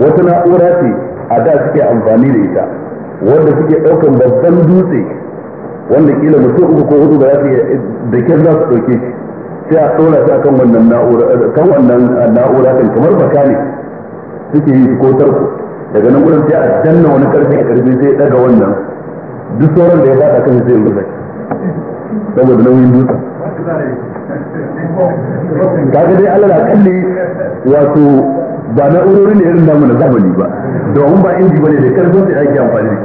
wata na'ura ce a da suke amfani da ita wanda suke ɗaukan babban dutse wanda kila mutum uku ko hudu ba za su da kyar za su ɗauke shi sai a tsora shi akan wannan na'ura kan wannan na'ura kan kamar baka ne suke yi ko tarko daga nan gurin sai a danna wani karfi a karfi sai daga wannan duk sauran da ya fada kan sai rubuta
saboda nauyin dutsa kaga dai Allah kalli, wato
ba na'urori ne irin namu na zamani ba domin ba inji bane da karfin sai ake amfani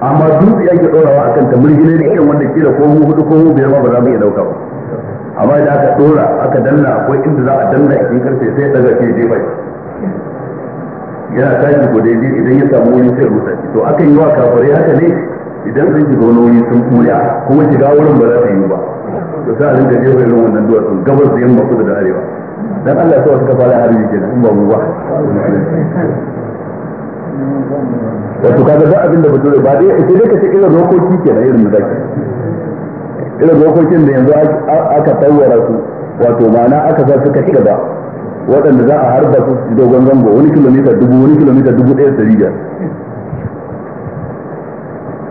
amma dutse yake dorawa akan tamurgi ne da irin wanda kila ko mu hudu ko mu biyar ma ba za mu iya dauka ba amma idan aka dora aka danna akwai inda za a danna in karfe sai daga ke je bai yana tashi ko daidai idan ya samu wurin sai rusa to akan yi wa kafare haka ne idan sun shiga wani wuri sun buya kuma shiga wurin ba za ta yi ba to sai a rinka jefa irin wannan duwatsun gabas da yamma kudu da arewa dan Allah sai wasu kafara harbi kenan in ba mu ba wato kaga za abin da ba dole ba dai sai dai ka ce irin rokoki kenan irin da zaki irin dokokin da yanzu aka tawara su wato ma'ana aka sa suka ci gaba waɗanda za a harba su su dogon zango wani kilomita dubu wani kilomita dubu ɗaya da riga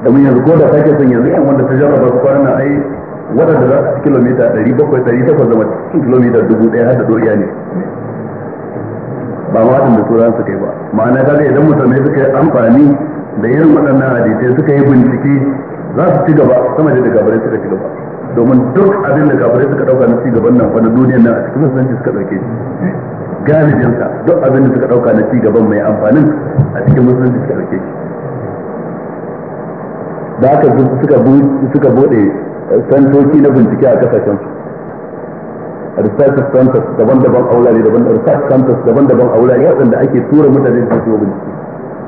domin yanzu ko da sake son yanzu yan wanda ta jarraba su kwana a ai waɗanda za a kilomita ɗari bakwai ɗari takwas zama cikin kilomita dubu ɗaya har da doriya ne ba ma waɗanda turan su kai ba ma'ana kaga idan mutane suka yi amfani da irin waɗannan hadisai suka yi bincike za su ci gaba sama da gabarai suka ci gaba domin duk abin da gabarai suka dauka na ci gaban nan wani duniyar nan a cikin musulunci suka dauke shi galibinsa duk abin da suka dauka na ci gaban mai amfanin a cikin musulunci suka dauke shi da aka suka bude eh, santoci na bincike a kasashen su research centers daban-daban a wulare daban research centers daban-daban a wulare waɗanda ake tura mutane su bincike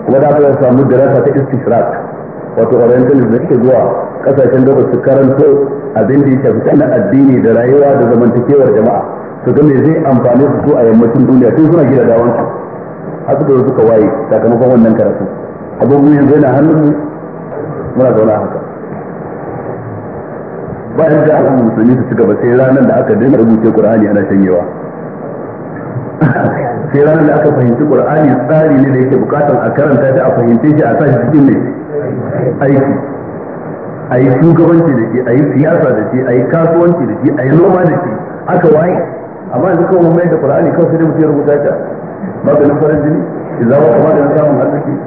kuma da aka samu darasa ta istishraq wato orientalist da suke zuwa kasashen da su karanto abin da ya shafi kanan addini da rayuwa da zamantakewar jama'a su ga me zai amfani su a yammacin duniya tun suna gida dawon su har suka suka waye sakamakon wannan karatu abubuwan yanzu yana hannun mu muna zauna haka bayan da aka musulmi su ci gaba sai ranar da aka daina rubuce qur'ani ana shanyewa sai ranar da aka fahimci qur'ani tsari ne da yake bukatar a karanta shi a fahimce shi a sa shi cikin ne aiki a yi shugabanci da shi a siyasa da shi a yi kasuwanci da shi a noma da shi aka waye amma yanzu kawai mai da qur'ani kawai sai mutum ya rubuta ta maganin farin jini idan wa kuma da samun arziki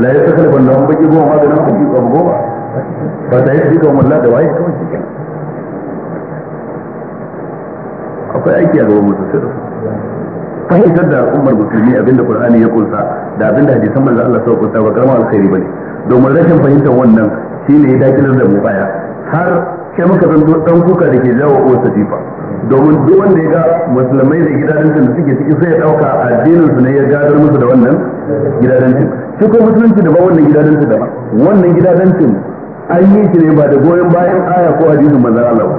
la ya saka ban lawan baki goma maganin baki goma goma ba ta yi shi kawai malla da waye kawai shi akwai aiki a gaban mutum sai fahimtar da al'ummar musulmi abinda qur'ani ya kunsa da abinda hadisan manzo Allah sau kunsa ba karamar alkhairi bane domin rashin fahimtar wannan shine ya dakilar da mu baya har sai muka zanto dan kuka da ke jawo uwa jifa. domin duk wanda ya ga musulmai da gidajen da suke ciki sai ya dauka addinin su ne ya gadar musu da wannan gidajen shi ko musulunci da ba wannan gidajen da ba wannan gidajen an yi shi ne ba da goyon bayan aya ko hadisin manzo Allah ba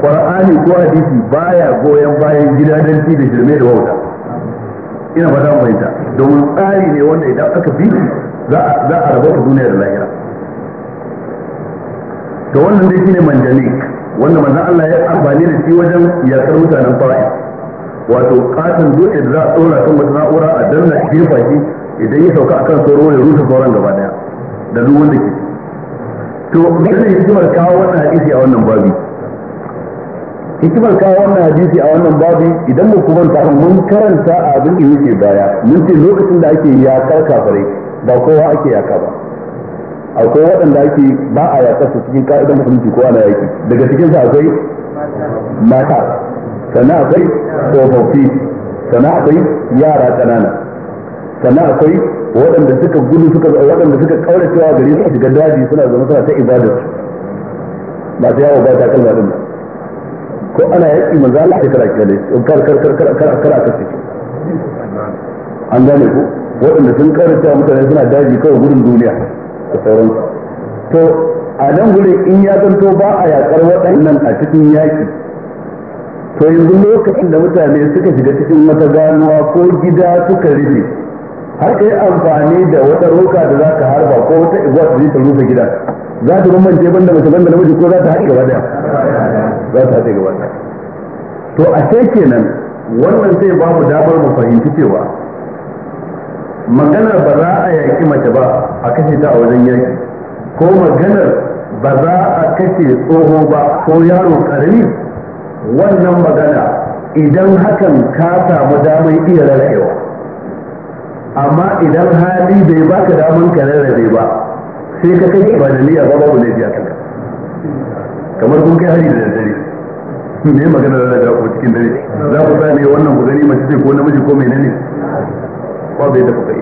qur'ani ko hadisi baya goyon bayan gidadanci da shirme da wauta ina ba zan fahimta domin tsari ne wanda idan aka bi za a rabauta duniya da lahira to wannan dai shine manjanik wanda manzon Allah ya amfani da shi wajen yakar mutanen fa'i wato katon dutse da za a tsora kan wata na'ura a danna gefa shi idan ya sauka akan tsoro ya rusa sauran gaba daya da duk wanda ke to me ne hikimar kawo wannan hadisi a wannan babi hikimar kawo wannan hadisi a wannan babu idan mu kuma ta mun karanta abin da yake baya mun ce lokacin da ake yakar kafirai ba kowa ake yaka ba akwai waɗanda ake ba a yakar su cikin ka'idar musulunci ko ana yaki daga cikin sa akwai mata sannan akwai tsofaffi sannan akwai yara kanana sannan akwai waɗanda suka gudu suka waɗanda suka wa gari suka shiga daji suna zama suna ta ibadar ba ta yawo ba ta kalla din ba ko ana yaƙi manzo Allah ya kara kale kar kar kar kar kar kar aka ce an gane ku waɗanda sun karanta mutane suna daji kawai gudun duniya da sauransu to a nan gudun in ya zanto ba a yaƙar waɗannan a cikin yaƙi to yanzu lokacin da mutane suka shiga cikin wata ganuwa ko gida suka rufe har ka yi amfani da wata roka da za ka harba ko wata igwa ta rufe gida za ta rumance banda mace banda namiji ko za ta haƙi gaba daya za ta haɗe gaba ɗaya to a sai kenan wannan zai ba mu damar mu fahimci cewa maganar ba za a yaƙi mace ba a kashe ta a wajen yaƙi ko maganar ba za a kashe tsoho ba ko yaro karami wannan magana idan hakan ka samu damar iya rarrabewa amma idan hali bai baka damar ka rarrabe ba sai ka kai ba da ba babu laifi a kamar kun kai hari da daddare ne magana da daga ko cikin dare za ku gane wannan ku gani mace ce ko namiji ko menene ba bai da kuka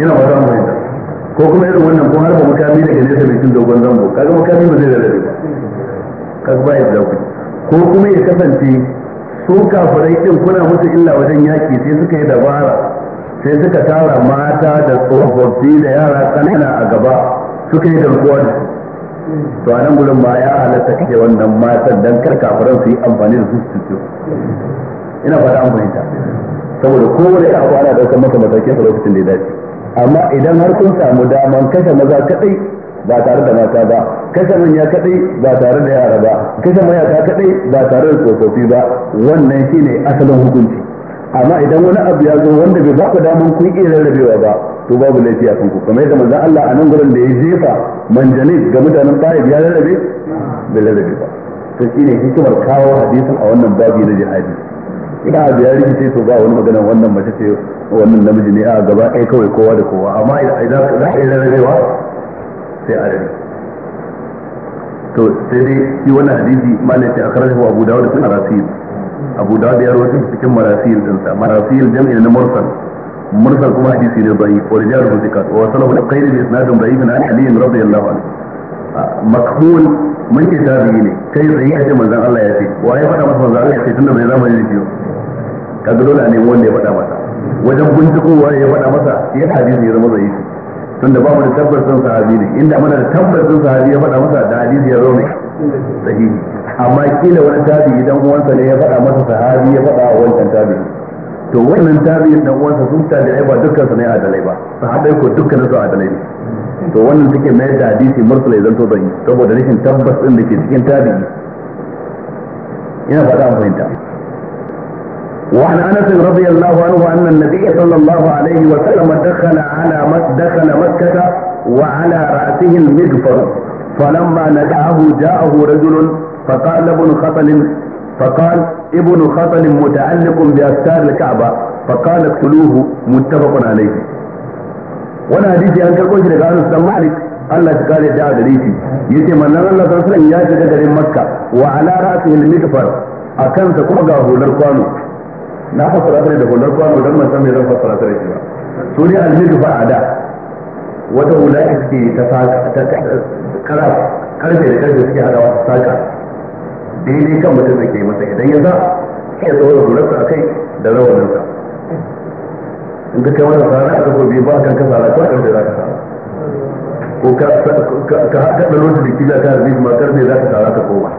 ina ba za mu yadda ko kuma irin wannan ko har ba makami daga nesa mai cin dogon zango kaga makami ba zai da dare ka ba yadda ku ko kuma ya kasance su kafirai din kuna musu illa wajen yaki sai suka yi dabara sai suka tara mata da tsofaffi da yara kanana a gaba suka yi garkuwa da su to a nan gurin ma ya halatta kake wannan matan dan kar kafiran su yi amfani da su su ina fata an fahimta saboda kowane ya abu ana daukar masa matakin sa lokacin da ya dace amma idan har kun samu daman kashe maza kadai ba tare da mata ba kashe manya kadai ba tare da yara ba kashe mayaka kadai ba tare da tsofaffi ba wannan shine asalin hukunci amma idan wani abu ya zo wanda bai ba ku daman kun iya rarrabewa ba to babu laifi a kanku kamar yadda manzon Allah a nan gurin da ya jefa manjani ga mutanen Taif ya rarrabe bai rarrabe ba to shine hikimar kawo hadisin a wannan babu na jihadi ina da yari rikice to ba wani magana wannan mace ce wannan namiji ne a gaba kai kawai kowa da kowa amma idan za a yi rarrabewa sai a rarrabe to sai dai shi wannan hadisi malai a akhrajahu Abu Dawud da Marasil Abu Dawud ya rawaito cikin Marasil din sa Marasil jam'i na Mursal mursal kuma hadisi ne bai wa rijalu thiqat wa salahu al-qayl bi isnadin da'if an ali radiyallahu anhu makhul mun ce tabi'i ne kai sai ka Allah ya ce wa ya faɗa masa manzon Allah ya ce tunda bai zama ne ciwo kaga dole ne wanda ya faɗa wajen ya faɗa masa ya ya zama tunda ba mu da tabbacin sahabi ne inda muna da tabbacin sahabi ya faɗa masa da hadisi ya zama sahihi amma kila wani tabi'i dan uwansa ne ya faɗa masa sahabi ya faɗa wancan tabi'i to wannan tabi'in dan uwansa sun ta tabi'ai ba dukkan su ne adalai ba sahabbai ko dukkan su adalai ne to wannan take mai da hadisi mursala idan to zan saboda rashin tabbas din da ke cikin tarihi ina fata an fahimta وعن انس رضي الله عنه ان النبي صلى الله عليه وسلم دخل على دخل مكه وعلى راسه المغفر فلما ندعه جاءه رجل فقال ابن خطل فقال ابن خطل متعلق بأستار الكعبة فقال اقتلوه متفق عليه wani hadisi an karɓo shi daga Anas dan Malik Allah ya kare da gare shi yace manzon Allah sallallahu alaihi ya shiga garin Makka wa ala ra'sihi al-mikfar akan sa kuma ga hular kwano na fassara da hular kwano dan man san me zan fassara ta shi ba ne wata karfe suke hadawa daidai kan mutum da ke masa idan ya za ya tsawon rurarsa a kai da rawaninsa in ka kai wani sara a kafar biyu ba kan ka sara ko a za ka sa ko ka haɗa lokacin da kila ka harbi ma karfe za ka sara ka koma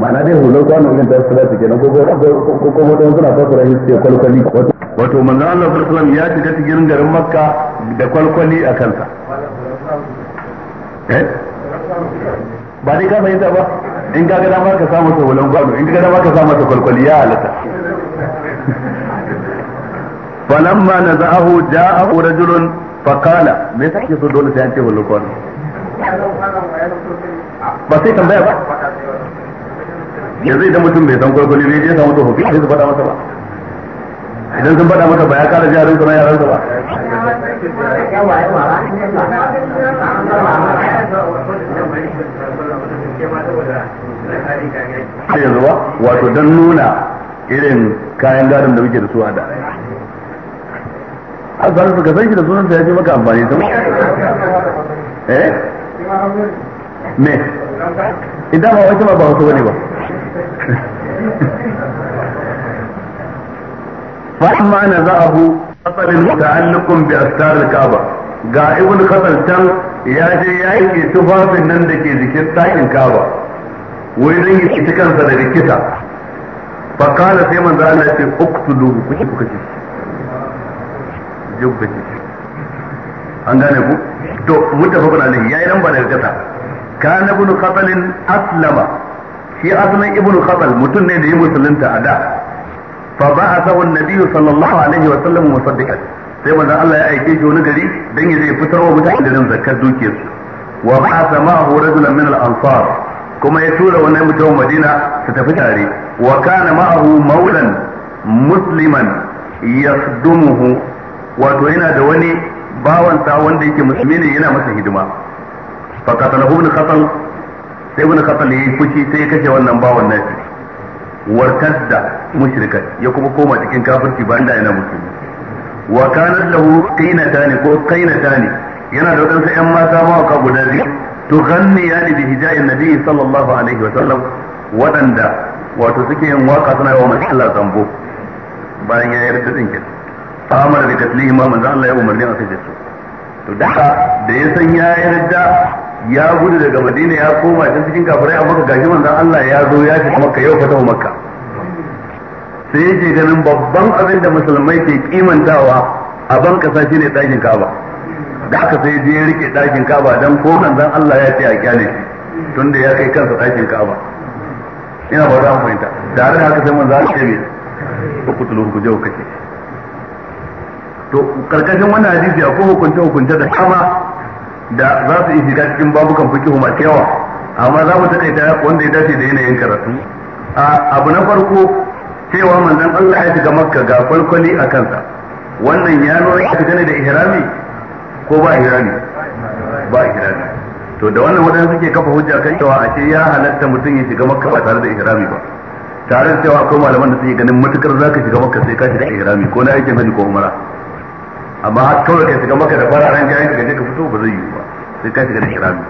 ma'ana dai hular kwano irin ta sura ta kenan ko ko ko mutum suna fasara shi ce kwalkwali wato manzan Allah sallallahu ya shiga cikin garin Makka da kwalkwali a kansa ba dai ka fahimta ba in ka gada ma ka sa masa hulan kwano in ka gada ma ka sa masa kwalkwali ya halatta falamma naza'ahu ja'ahu rajulun faqala me yasa kike so dole sai an ce hulan kwano
ba sai tambaya ba
yanzu idan mutum bai san kwalkwali ne ya samu to hukumi sai su faɗa masa ba idan sun faɗa masa ba ya kara jarin
sa na yaran sa ba har yanzu ba wato don nuna
irin kayan gadon da muke da su a da hasan su ka san shi da sunanta ya fi maka amfani ta
eh me idan ba wata ma ba wasu bane ba فأما نزعه
قتل متعلق بأستار الكعبة ga ibn kasar can ya je ya yi tufafin nan da ke jikin ɗakin kaba wai dan yi ita kansa daga kisa fa qala sai manzo Allah ya ce uqtuluhu kuke kuka ce jubba ce an gane ku to mutafaqun ne yayi nan ba daga Ka kana ibn khatal aslama shi asalin ibn khatal mutum ne da yayi musulunta a da fa ba'athahu an nabiy sallallahu alaihi wa sallam musaddiqan sai manzo Allah ya aike shi wani gari dan ya zai fitarwa mutane da nan zakar dukiyarsu wa ba'atha ma'ahu rajulan min al-ansar kuma ya tura wannan mutumin madina su tafi tare wa kana ma'ahu maulan musliman yasdumuhu wato yana da wani bawan sa wanda yake musulmi ne yana masa hidima fa qatalahu ibn khatal sai ibn khatal yayi fushi sai ya kashe wannan bawan nashi tadda mushrika ya kuma koma cikin kafirci bayan da yana musulmi wa kana lahu qainatani ko qainatani yana da wadansu ƴan mata ka guda biyu ya tughanniyani bi hija'in nabi sallallahu alaihi wa sallam waɗanda wato suke yin waka suna yawo manzo Allah zambo bayan ya yarda din kin fa amara bi taslihim ma manzo Allah ya umarni a kace su to da da ya san ya yarda ya gudu daga Madina ya koma can cikin kafirai a maka gashi manzo Allah ya zo ya tafi maka yau ka fatahu Makka sai yake ganin babban abin da musulmai ke kimantawa a ban kasa ne dakin kaba. da haka sai je rike ɗakin kaba dan ko manzon Allah ya ce a kyale shi tunda ya kai kansa ɗakin kaba ina ba za mu fahimta da da haka sai manzon Allah ce me ku kutulu ku je ku kace to karkashin wannan hadisi akwai hukunce hukunce da kama da za su yi shiga cikin babukan fikihu masu yawa amma za mu takaita wanda ya dace da yanayin karatu abu na farko cewa manzon Allah ya shiga makka ga kwalkwali a kansa wannan ya nuna ya fita ne da ihrami ko ba ne ba ne to da wannan wadanda suke kafa hujja kan cewa a ce ya halatta mutum ya shiga makka ba tare da ihrami ba tare da cewa akwai malaman da suke ganin matukar zaka shiga makka sai ka shiga ihrami ko na aikin hajji ko umara amma har kawai kai shiga makka da fara ran ga ka je ka fito ba zai yiwu ba sai ka shiga da ihrami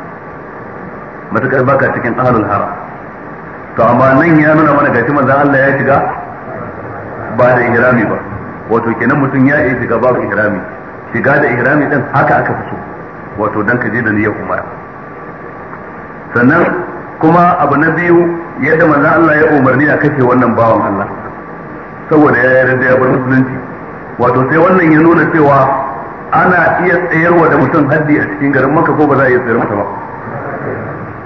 matukar baka cikin ahlul haram to amma nan ya nuna mana gashi manzon Allah ya shiga ba da ihrami ba wato kenan mutum ya iya shiga ba da ihrami shiga da ihrami din haka aka fito wato dan ka je da niyyar umara sannan kuma abu na biyu yadda manzo Allah ya umarni a kashe wannan bawan Allah saboda ya yarda ya bar musulunci wato sai wannan ya nuna cewa ana iya tsayarwa da mutum haddi a cikin garin maka ko ba za a iya tsayar masa ba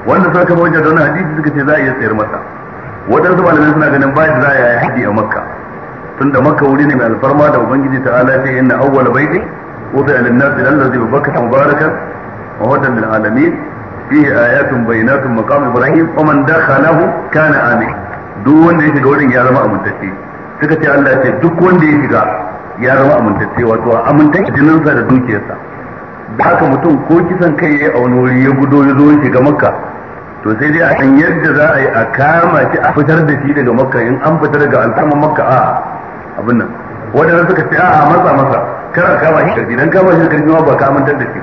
wanda suka kama wajen zaune hadisi suka ce za a iya tsayar masa waɗansu malamai suna ganin ba da za a yi haddi a makka tunda makka wuri ne mai alfarma da ubangiji ta'ala sai inna awwal baiti وضع للناس الذي ببكة مباركا وهدى للعالمين فيه آيات بينات مقام إبراهيم ومن دخله كان آمين duk wanda ya shiga رماء من zama سكتي الله ce Allah ce duk wanda ya shiga ya zama amintacce wato amintan jininsa da dukiyarsa da haka mutum ko kisan kai ya a wani wuri ya gudo ya zo shiga makka to sai dai a san yadda za a yi a kama shi a fitar da shi daga makka in an fitar daga alfarman makka a abin nan wadanda suka ce a matsa masa kar a kama shi karfi dan kama shi karfi ma ba ka amintar da shi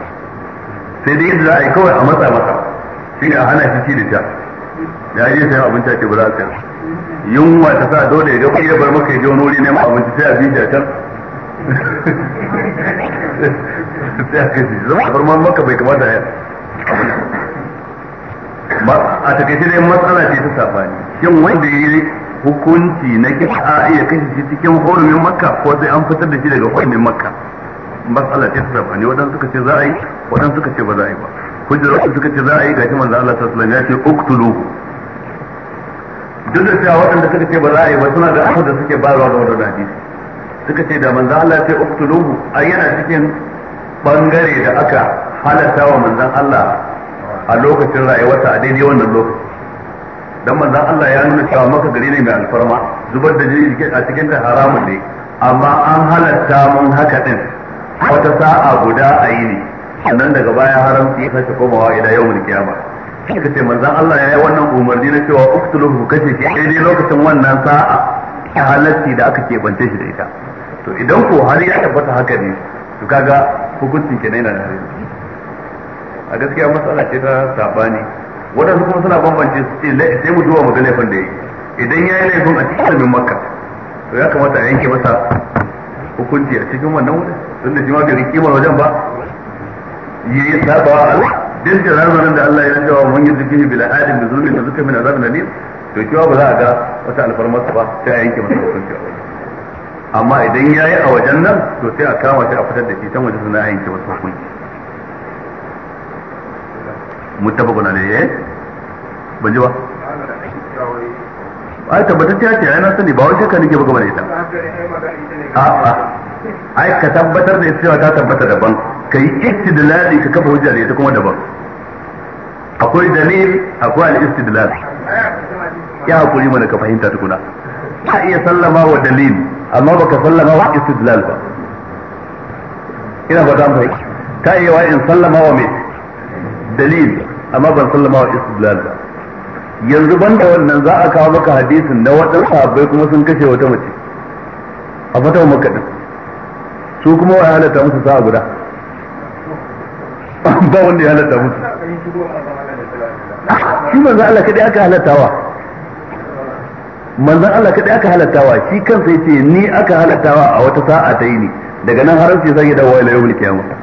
sai dai yadda za a yi kawai a matsa masa shi a hana shi ci da ta da ya abinci a ce ba za a sayar yunwa ta sa dole ya ga kuɗi ya bar maka ya je wani wuri neman abinci sai a bi da can sai a kai shi zama bar maka bai kamata ya a takaice dai matsala ce ta safani shin wanda ya yi hukunci na kisa a iya kashe shi cikin horumin makka ko sai an fitar da shi daga horumin makka masala ce ta ne wadan suka ce za a yi wadan suka ce ba za a yi ba hujjar wasu suka ce za a yi gashi manzo Allah sallallahu alaihi wasallam ya ce uktulu duk da cewa waɗanda suka ce ba za a yi ba suna da ahad da suke ba ga wannan hadisi suka ce da manzo Allah ya ce uktuluhu ai yana cikin bangare da aka halatta wa manzon Allah a lokacin rayuwarsa a daidai wannan lokacin dan manzo Allah ya nuna cewa maka gari ne mai alfarma zubar da jini a cikin da haramun ne amma an halatta mun haka din wata sa'a guda a yi ne sannan daga baya sai ya sake komawa ila yawmul kiyama ka ce manzo Allah ya yi wannan umarni na cewa uktuluhu kace shi daidai lokacin wannan sa'a ta halatti da aka ke bance shi da ita to idan ko har ya tabbata haka ne to kaga hukuncin kenan yana da a gaskiya matsala ce ta sabani waɗansu kuma suna bambance su ce sai mu duba mu ga laifin da yi idan ya yi laifin a cikin ilimin makka to ya kamata a yanke masa hukunci a cikin wannan wurin tunda shi ma bai riki kimar wajen ba ya yi sabawa Allah din da nan da Allah ya ranjawa mun yi bi bila adin da zulmi da zuka min na alim to kiwa ba za a ga wata alfarma ba sai a yanke masa hukunci amma idan ya yi a wajen nan to sai a kama shi a fitar da shi tan waje suna yanke masa hukunci muttafaqun alayhi eh ban ji ba ai tabbatacciya ce ai na sani ba wai shakka nake ba game ita
a'a ai ka
tabbatar da cewa ta tabbata daban kai istidlali ka kafa hujja da ita kuma daban akwai dalil akwai al-istidlal ya hakuri mana ka fahimta tukuna ka iya sallama wa dalil amma baka sallama wa istidlal ba ina ba ta fahimta ka iya wa in sallama wa mai dalil amma ban sallama wa istidlal ba yanzu banda wannan za a kawo maka hadisin na waɗansu sahabbai kuma sun kashe wata mace a fata maka din su kuma wa halatta musu sa'a guda ba wanda ya halatta musu
shi manzo Allah kadai aka
halattawa manzon Allah kadai aka halattawa shi kansa yace ni aka halattawa a wata sa'a ta yi ne daga nan haramci zai dawo ila yawmul qiyamah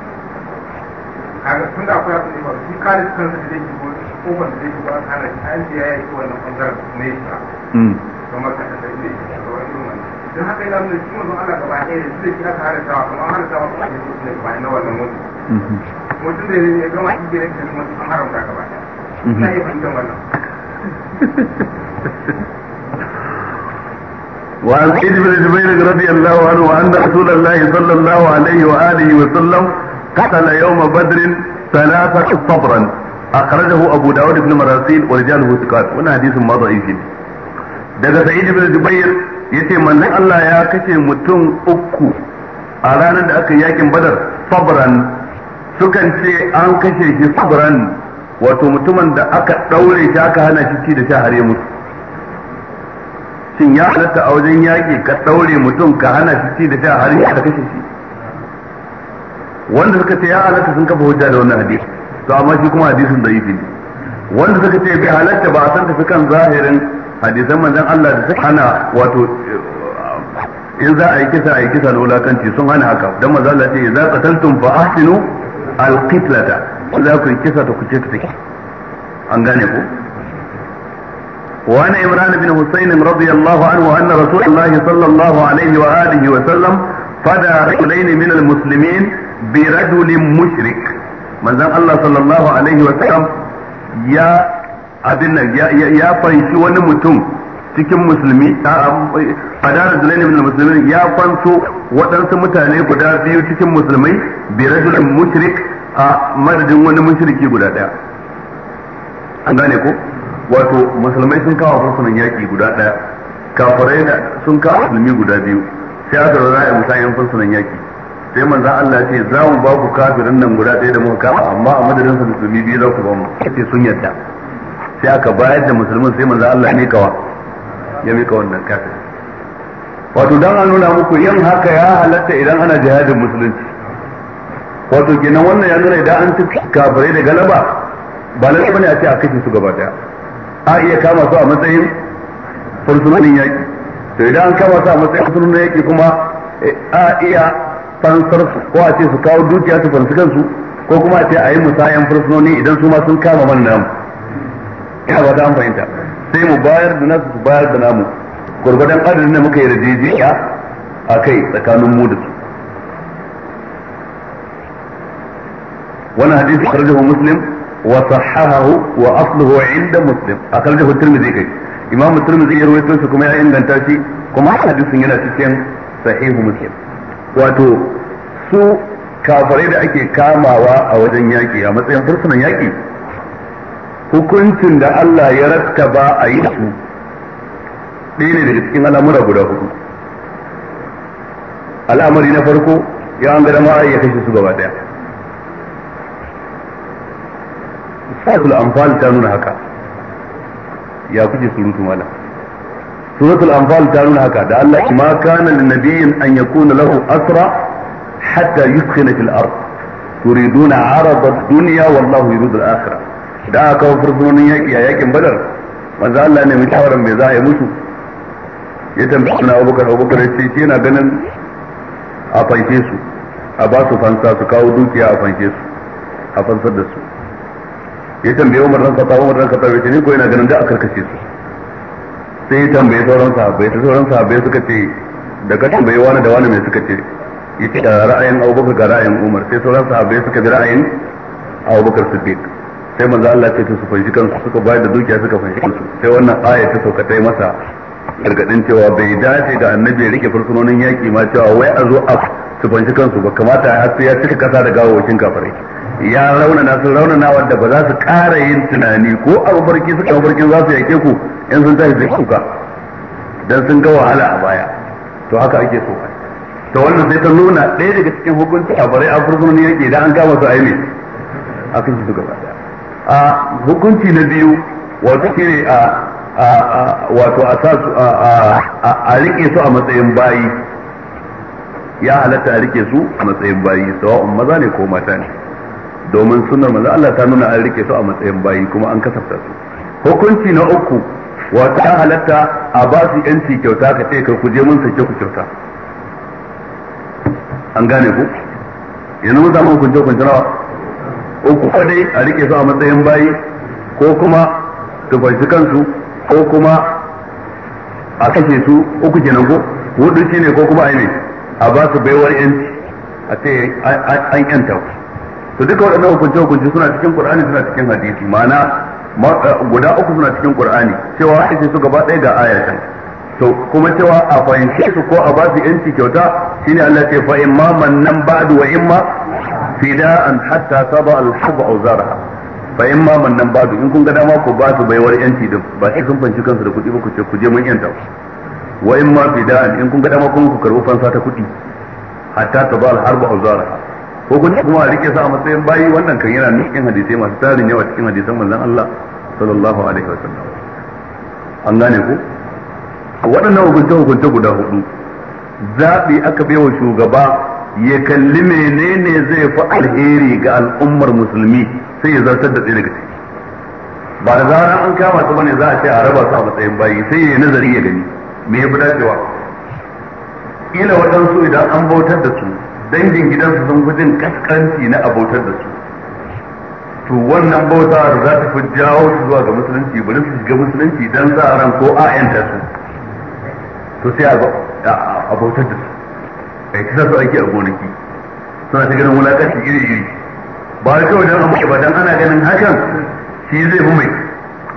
kaga tun da akwai abin da shi kare kan da zai shigo ko ban zai shigo an hana shi an biya ya yi wannan bangaren ne sa hmm. kuma ka da zai shigo wani wannan don haka yana nuna shi mazan Allah gaba ɗaya da su da shi aka hana tawa kuma hana tawa kuma ya shi ne gaba na wannan mutu hmm. mutum da ya gama shi gina shi kuma an haramta gaba ɗaya hmm. ina iya fahimtar wannan
وعن سيد بن جبير رضي الله عنه أن رسول الله صلى الله عليه وآله وسلم قتل يوم بدر ثلاثة صبرا أخرجه أبو داود بن مراسيل ورجاله ثقات وانا حديث ما ضعيف daga sa'id ibn jubair yace manzon Allah ya kace mutum uku a ranar da aka yakin badar sabran sukan ce an kashe shi sabran wato mutumin da aka daure shi aka hana shi ci da sha har ya mutu shin ya halatta a wajen yaki ka daure mutum ka hana shi ci da sha har ya kashe shi wanda suka ce ya halatta sun kafa hujja da wannan hadisi to amma shi kuma hadisin da yifi wanda suka ce bai halatta ba a san tafi kan zahirin hadisan manzon Allah da suka hana wato eh, in za a yi kisa a yi kisa da wulakanci sun hana haka dan manzon Allah ce idza qataltum fa ahsinu alqitlata za ku yi kisa ta kuce ta take an gane ku وعن عمران بن حسين رضي الله عنه أن رسول الله صلى الله عليه وآله وسلم فدى رجلين من المسلمين bi rajulin mushrik manzan Allah sallallahu alaihi wa sallam ya abin nan ya fanshi wani mutum cikin musulmi fadar zulaini min muslimin ya fanto waɗansu mutane guda biyu cikin musulmai bi rajulin mushrik a madadin wani mushriki guda daya an gane ko wato musulmai sun kawo fursunan yaki guda daya kafirai sun kawo musulmi guda biyu sai aka zo za a yi musayen fursunan yaki sai manzan Allah ce za mu ba ku kafirin nan guda ɗaya da muka kama amma a madadin su musulmi biyu za ku ba mu sai sun yadda sai aka bayar da musulmin sai manzan Allah ne kawa ya mika wannan kafir wato dan an nuna muku yin haka ya halatta idan ana jihadin musulunci wato kenan wannan ya nuna idan an ci kafirai da galaba ba lalle bane a ce a kashe su gaba daya a iya kama su a matsayin fursunonin yaki to idan an kama su a matsayin fursunonin yaki kuma eh, a iya fansar ko a ce su kawo dukiya su fansu kansu ko kuma a ce a yi musayan fursunoni idan su ma sun kama man namu ya ba ta an fahimta sai mu bayar da nasu su bayar da namu gwargwadon adadin da muka yi rajijiya a kai tsakanin mu da su wannan hadisi karjahu muslim wa sahahahu wa asluhu inda muslim a karjahu turmizi kai imam yi ya rawaito shi kuma ya inganta shi kuma hadisin yana cikin sahihu muslim wato su kafirai da ake kamawa a wajen yaƙi a matsayin fursunan yaƙi hukuncin da Allah ya rattaba a yi su ɗaya ne daga cikin al'amura guda hudu al'amari na farko ya an gada ma'a ya kashe su gaba ɗaya su amfani ta nuna haka ya kuje su rutu malam suratul anfal ta nuna haka da Allah ki ma kana lin nabiyyin an yakuna lahu asra hatta yuskhina fil ard turiduna arada ad da aka kawo fursunonin yaki a yaƙin badar manzo Allah ne mai shawaran bai za a yi musu ya tambaye na Abubakar Abubakar ce shi yana ganin a fanke su a ba su fansa su kawo dukiya a fanke su a fansar da su ya tambaye Umar ran fata Umar ran fata ce ni ko yana ganin da a karkace su sai tambaye sauran sahabbai ta sauran sahabbai suka ce da tambaye wani da wani mai suka ce yace da ra'ayin Abubakar ga ra'ayin Umar sai sauran sahabbai suka ji ra'ayin Abubakar Siddiq sai manzo Allah ya ce su fanshi kansu suka bayar da dukiya suka fanshi kansu sai wannan aya ta sauka ta masa gargadin cewa bai dace da annabi rike fursunonin yaki ma cewa wai a zo a su fanshi kansu ba kamata ya sai ya cika kasa da gawawakin kafirai ya raunana su raunana wanda ba za su ƙara yin tunani ko a mafarki suka mafarkin za su yake ku in sun tashi su kuka dan sun ga wahala a baya to haka ake so to wannan sai ta nuna ɗaya daga cikin hukunci a bare a fursunoni yake idan an kama su a yi ne
a kan su gaba
a hukunci na biyu wato a wato a sa su a rike su a matsayin bayi ya halatta a rike su a matsayin bayi sawa'un maza ne ko mata ne domin suna manzo Allah ta nuna an rike su a matsayin bayi kuma an kasafta su hukunci na uku wata halatta a ba su yanci kyauta ka ce ka kuje mun sake ku kyauta an gane ku yanzu mun samu hukunci hukunce nawa uku kadai a rike su a matsayin bayi ko kuma su fanshi kansu ko kuma a kashe su uku kenan ko hudu shine ko kuma ne a ba su baiwar yanci a ce an yanta ku to duka waɗannan hukunce hukunce suna cikin qur'ani suna cikin hadisi ma'ana eh, guda uku suna cikin qur'ani cewa hadisi su gaba ɗaya ga ayatan to kuma cewa a fahimce su ko a ba su yanci kyauta shine Allah ce fa imma man nan ba'du wa imma fida'an hatta taba al-hub awzaraha fa imma man nan ba'du in kun ga dama ku ba su baiwar yanci da ba sai sun fanci kansu da kuɗi ba ku ce ku je mun yanta wa imma fida'an in kun ga dama kuma ku karɓi fansa ta kuɗi hatta taba al-harb awzaraha ko kuma a rike sa a matsayin bayi wannan kan yana nukin hadisai masu tarin yawa cikin hadisan manzon Allah sallallahu alaihi wasallam an gane ku waɗannan hukunta hukunta guda hudu zaɓi aka bai wa shugaba ya kalli menene zai fi alheri ga al'ummar musulmi sai ya zartar da tsere daga ciki ba da zarar an kama su bane za a ce a raba su a matsayin bayi sai ya nazari ya gani me ya fi dacewa ila waɗansu idan an bautar da su dangin gidansu sun fi jin kaskanci na abotar da su to wannan bauta da za ta fi jawo su zuwa ga musulunci bari su shiga musulunci don za a ran ko a yanta su to sai a abotar da su kai ta su aiki a gonaki suna ta ganin wulakanci iri iri
ba da kawai a amfani ba don ana ganin hakan
shi zai fi mai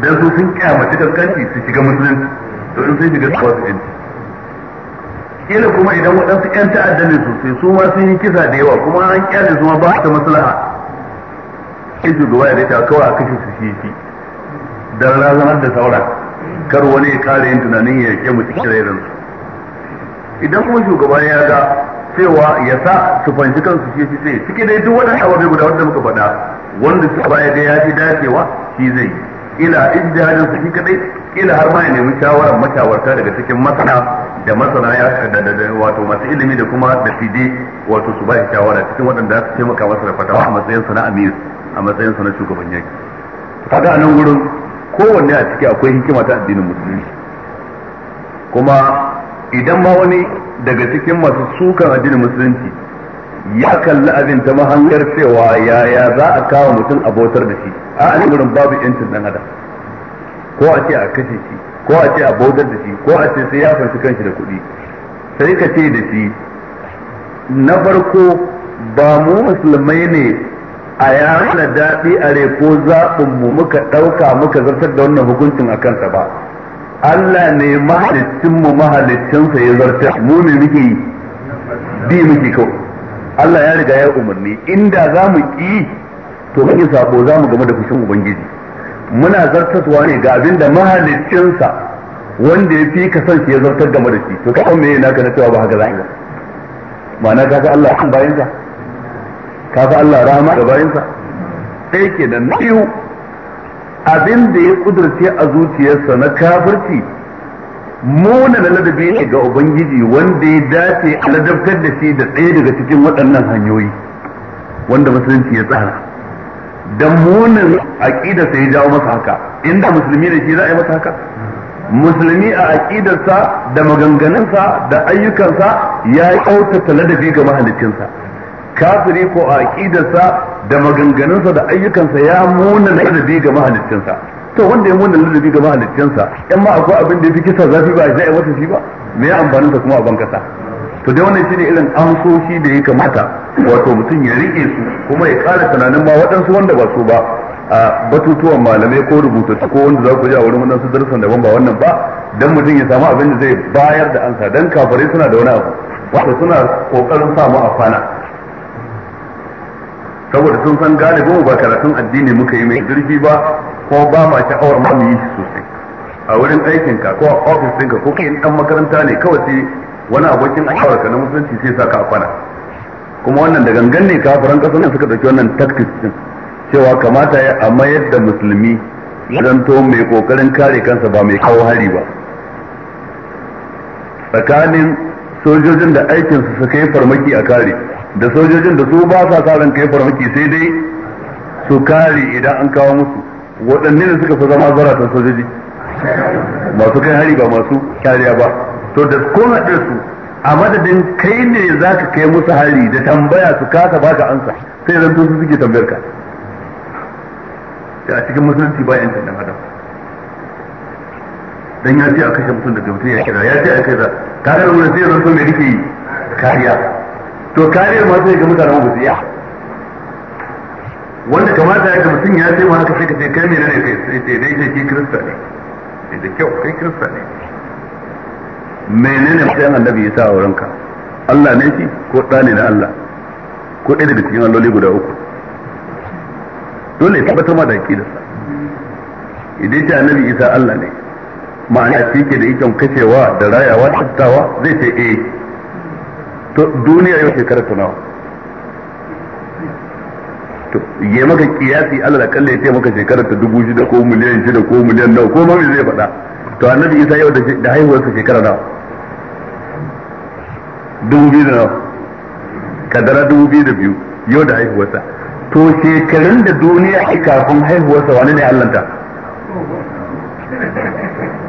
dan su sun kyamata kaskanci su shiga musulunci to in sun shiga su ba su jinci kila kuma idan waɗansu 'yan ta'adda ne sosai su ma sun yi kisa da yawa kuma an kyale su ma ba su maslaha sai shugaba ya daita kawai a kashe su shi fi dan razanar da saura kar wani ya kare yin tunanin ya yake mutu kira irin su idan kuma shugaba ya ga cewa ya sa su fanci kansu shi fi sai cike dai duk waɗansu abu guda wanda muka faɗa wanda su ba ya ga ya fi dacewa shi zai yi kila ijtihadin su shi kadai kila har ma ya nemi shawarar mashawarta daga cikin masana da masana ya da wato masu ilimi da kuma da fide wato su ba shi shawara cikin waɗanda su taimaka masa da fatawa a matsayin sa na amir a matsayin sa na shugaban yaki kaga a nan gurin kowanne a ciki akwai hikima ta addinin musulunci kuma idan ma wani daga cikin masu sukan addinin musulunci ya kalli abin ta mahangar cewa yaya za a kawo mutum abotar da shi a an gurin babu yancin dan adam ko a ce a kashe shi ko a ce a bautar da shi ko a ce sai ya fanci kanshi da kuɗi sai ka ce da shi na farko ba mu musulmai ne a yana daɗi a ko zaɓin mu muka ɗauka muka zartar da wannan hukuncin a kansa ba Allah ne mahaliccin mu mahalicinsa ya zartar mu ne muke bi muke kawai Allah ya riga ya umarni inda za mu ki to mun yi sabo za mu game da fushin ubangiji muna zartaswa ne ga abin da mahaliccinsa wanda ya fi ka san shi ya zartar game da shi to ka san meye naka na cewa ba haka za ka ma'ana ka ga Allah kan bayansa ka ga Allah rahama ga bayansa sai kenan na biyu abin da ya kudurce a zuciyarsa na kafirci muna da ladabi ne ga ubangiji wanda ya dace a ladabtar da shi da tsaye daga cikin waɗannan hanyoyi wanda musulunci ya tsara da munin aqidar sa ya jawo masa haka inda musulmi ne shi za a yi masa haka musulmi a aqidarsa da maganganunsa da ayyukansa ya kyautata ladabi ga mahalicinsa kafiri ko a aqidarsa da maganganunsa da ayyukansa ya muna ladabi ga mahalicinsa to wanda ya wannan ladabi ga mahaliccinsa yan ma akwai abin da ya fi kisa zafi ba zai wata shi ba me ya amfani da kuma a ban kasa to dai wannan shine irin amsoshi da ya kamata wato mutum ya rike su kuma ya kara tunanin ma waɗansu wanda ba su ba a batutuwan malamai ko rubutu ko wanda za ku ji a wurin wannan su darsan daban ba wannan ba dan mutum ya samu abin da zai bayar da ansa dan kafirai suna da wani abu wato suna kokarin samu a fana saboda sun san galibin ba karatun addini muka yi mai zurfi ba ko ba ma sha'awar ma mu yi shi sosai a wurin aikin ka ko a ofis ɗinka ko kai dan makaranta ne kawai sai wani abokin aikawar ka na musulunci sai sa ka a kwana. kuma wannan da gangan ne kafiran ƙasar nan suka dauki wannan tactics din cewa kamata ya a mayar da musulmi to mai kokarin kare kansa ba mai kawo hari ba tsakanin sojojin da aikinsu su kai farmaki a kare da sojojin da su ba sa karin kai farmaki sai dai su kare idan an kawo musu waɗanne ne suka fi zama zaratan sojoji masu kai hari ba masu kariya ba to da kun haɗe su a madadin kai ne za ka kai musu hari da tambaya su kasa ba ka ansa sai zan su suke tambayar ka a cikin musulunci ba yancin tattalin adam dan ya ce a kashe mutum da mutum ya kira ya ce a kai za ka ga wani sai zan tun me kake yi kariya to kariyar ma sai ga mutanen ba wanda kamata ya ga mutum ya sai haka sai ka ce kai ne sai ce dai sai ki kirista ne sai da kyau kai kirista ne menene sai annabi ya sa a wurinka Allah ne shi ko ɗa ne na Allah ko ɗaya daga cikin alloli guda uku dole ya tabbatar ma da sa. idan ce annabi isa Allah ne ma'ana shi ke da ikon kashewa da rayawa tattawa zai ce eh to duniya yau shekarar ta nawa ya maka kiyasi Allah kalle ya ce maka shekarar ta dubu shida ko miliyan shida ko miliyan nawa ko ma zai faɗa to annabi isa yau da sa shekara nawa dubu biyu da nawa kadara dubu biyu da biyu yau da sa to shekarun da duniya ke kafin sa wane ne allanta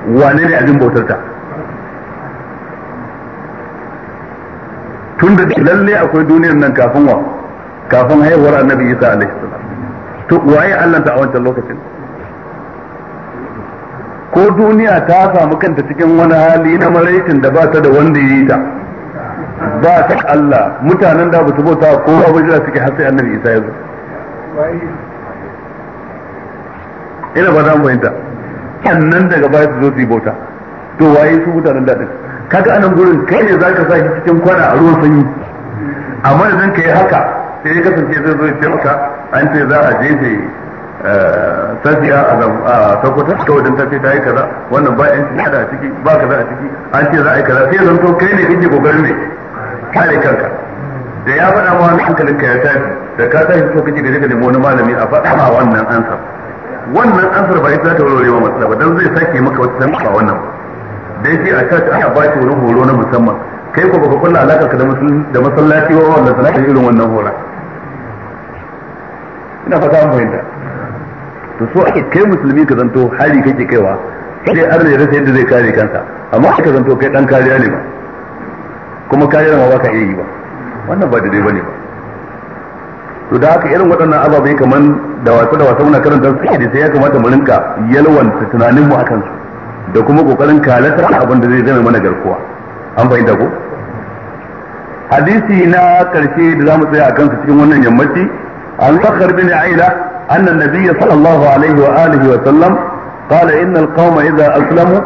wane ne abin bautarta tun da lalle akwai duniyar nan kafin wa kafin haihuwar annabi isa alaihi salam to waye allanta a wancan lokacin ko duniya ta samu kanta cikin wani hali na maraicin da ba ta da wanda ya yi ta ba ta Allah mutanen da ba su bauta ko abu jira suke har sai annabi isa ya zo ina ba za mu fahimta sannan daga baya su zo su yi bauta to waye su mutanen daɗin? kaga anan gurin kai ne za ka sa shi cikin kwana a ruwan sanyi amma da zan kai haka sai ya kasance zai zo ce maka an ce za a jefe tafiya eh, a takwata ta wajen tafiya ta yi kaza wannan ba yanci da a ciki ba kaza a ciki an ce za a yi kaza sai zan to kai ne kake kokarin ne kare kanka da ya faɗa ma wani hankalin ka ya tafi da ka tafi so kake gare ka nemi wani malami a faɗa ma wannan ansar wannan ansar ba ita za ta warware ma matsala ba don zai sake maka wata tantsa wannan da yake a church ana ba shi wani horo na musamman kai ko baka kulla alaka ka da masallaci wa wannan sana'a irin wannan horon ina fata an fahimta to so ake kai musulmi ka zanto hari kake kaiwa sai arna ya rasa yadda zai kare kansa amma ka zanto kai dan kariya ne ba kuma kariya ma baka iya yi ba wannan ba daidai bane ba to da haka irin waɗannan ababai kamar da wasu da wasu muna karanta su ake da sai ya kamata mu rinka yalwanta tunanin mu akan su da kuma kokarin kalatar abin da zai zama mana garkuwa an fahimta ko hadisi na karshe da zamu tsaya akan su cikin wannan yammaci عن فخر بن عيلة أن النبي صلى الله عليه وآله وسلم قال إن القوم إذا أسلموا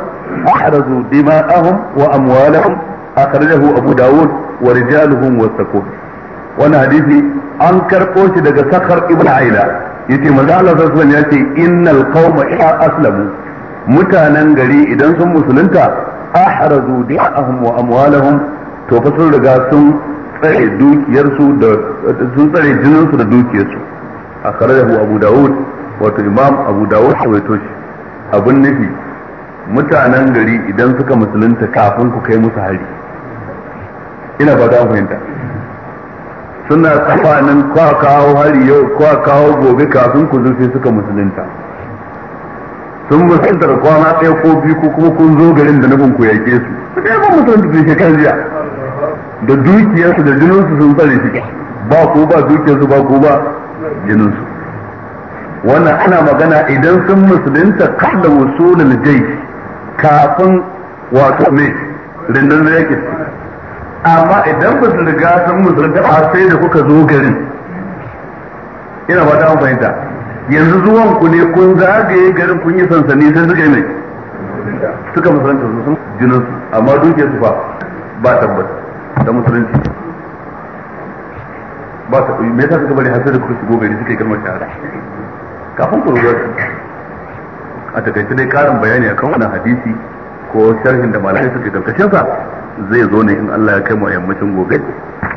أحرزوا دماءهم وأموالهم أخرجه أبو داود ورجالهم والسكون وانا حديثي أنكر قوش دقى سخر ابن عيلة يتي manzo Allah sallallahu alaihi wasallam yace innal qauma idza aslamu mutanen gari idan sun musulunta ahrazu di'ahum wa amwalahum to tsare dukiyarsu da sun tsare jininsu da dukiyarsu a kare da abu dawud wato imam abu dawud a waito shi abin nufi mutanen gari idan suka musulunta kafin ku kai musu hari ina ba ta fahimta suna tsafanin kwa kawo hari yau kwa kawo gobe kafin ku zo suka musulunta sun musulunta da kwana ɗaya ko biyu ko kuma kun zo garin da nufin ku yaƙe su sai ba musulunta sun shekarar jiya da dukiyarsu da jininsu sun tsare shi ba ko ba dukiyarsu ba ko ba jininsu wannan ana magana idan sun musulunta kalla wasulul jai kafin wato me rindin yake amma idan ba su riga sun musulunta ba sai da kuka zo garin ina ba ta fahimta yanzu zuwan ku ne kun zagaye garin kun yi sansani sai suka yi mai suka musulunta sun jininsu amma dukiyarsu ba ba tabbata da musulunci ba ta me yasa suka bari hasar da kuka shigo gari suka yi kalmar shahada kafin ku rubuta a takaice dai karin bayani akan wannan hadisi ko sharhin da malamai suke karkashin sa zai zo ne in Allah ya kai mu a yammacin gobe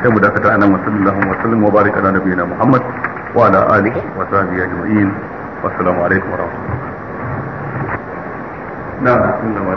sai mu dakata anan wa sallallahu wa sallam wa baraka ala nabiyina Muhammad wa ala alihi wa sahbihi ajma'in wa assalamu alaikum wa rahmatullahi na bismillah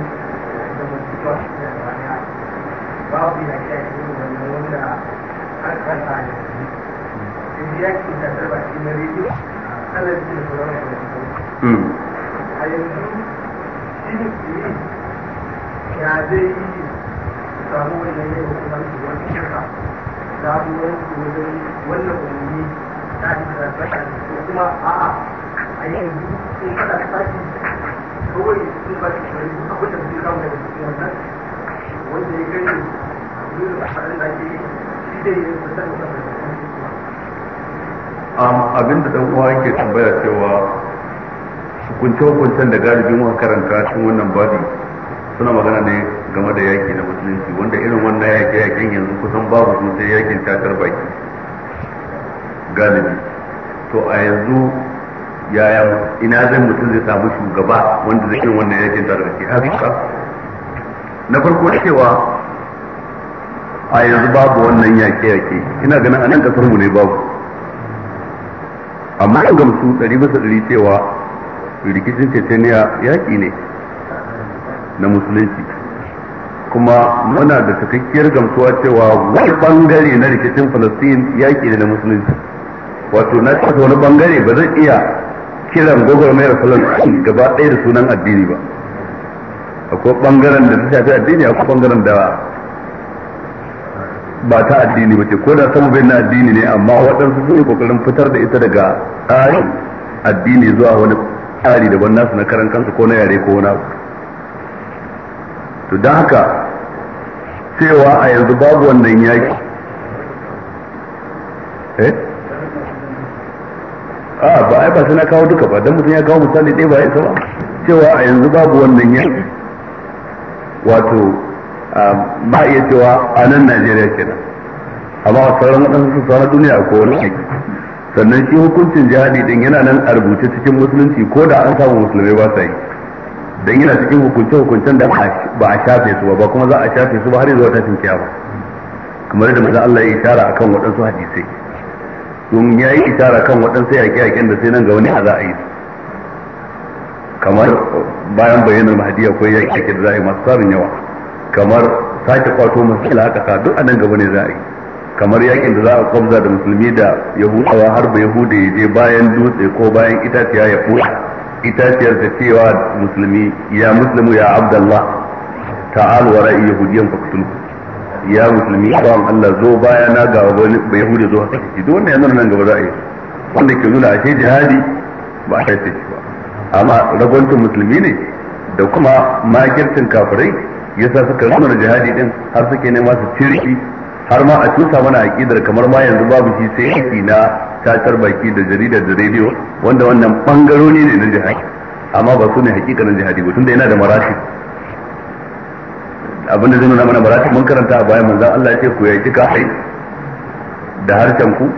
ke tambaya cewa hukunce-hukuncen da galibin muka karanta cikin wannan babi suna magana ne game da yaki na musulunci wanda irin wannan yaki yakin yanzu kusan babu sosai sai yakin takar baki galibi to a yanzu yaya ina zai mutum zai samu shugaba wanda zai irin wannan yakin takar baki haka na farko cewa a yanzu babu wannan yaƙe-yaƙe ina ganin a nan kasar mu ne babu amma an gamsu ɗari bisa ɗari cewa rikicin ceceniya yaƙi ne na musulunci kuma muna da cikakkiyar gamsuwa cewa wani bangare na rikicin falastin yaƙi ne na musulunci wato na kasa wani bangare ba zan iya kiran gwagwarmayar falastin gaba ɗaya da sunan addini ba akwai bangaren da ta shafi addini akwai bangaren da ba ta addini ba ce ko da bai na addini ne amma waɗansu sun yi kokarin fitar da ita daga tsarin addini zuwa wani tsari daban nasu na karan kansu ko na yare ko wani abu to don haka cewa a yanzu babu wannan yaki eh a ba ai ba sai na kawo duka ba dan mutum ya kawo misali ɗaya ba ya isa ba cewa a yanzu babu wannan yaki wato Ah, ba a iya cewa a nan Najeriya kenan amma a sauran waɗansu su na duniya ko wani aiki sannan shi hukuncin jihadi din yana nan a rubuce cikin musulunci ko da an samu musulmai ba sa yi don yana cikin hukunce hukuncen da ba a shafe su ba ba kuma za a shafe su ba har zuwa tashin kiyama kamar yadda manzo Allah ya ishara akan waɗansu hadisai sun ya yi ishara kan waɗansu yaƙe-yaƙen da sai nan ga wani a za a yi kamar bayan bayyanar mahadi ko yaƙe-yaƙe da za a yi masu tsarin yawa kamar sake kwato masu aka ka duk a nan gaba ne za a yi kamar yakin da za a kwamza da musulmi da yahudawa har ba yahuda ya je bayan dutse ko bayan itaciya ya fusa itaciyar da cewa musulmi ya musulmi ya abdallah ta'al wara yahudiyan faqtul ya musulmi an Allah zo baya na ga ba ba yahuda zo haka shi duk wannan yana nan gaba za a yi wanda ke nuna ashe jihadi ba a tace ba amma ragwantun musulmi ne da kuma makircin kafirai yasa suka da jihadi din har suke nema su cirki har ma a cusa mana aƙidar kamar ma yanzu babu shi sai aiki na tatar baki da jarida da rediyo wanda wannan bangarori ne na jihadi amma ba su ne hakikanin jihadi ba tunda yana da marashi abinda zai nuna mana marashi mun karanta a bayan manzan Allah ya ce ku yaki kafai da harshen ku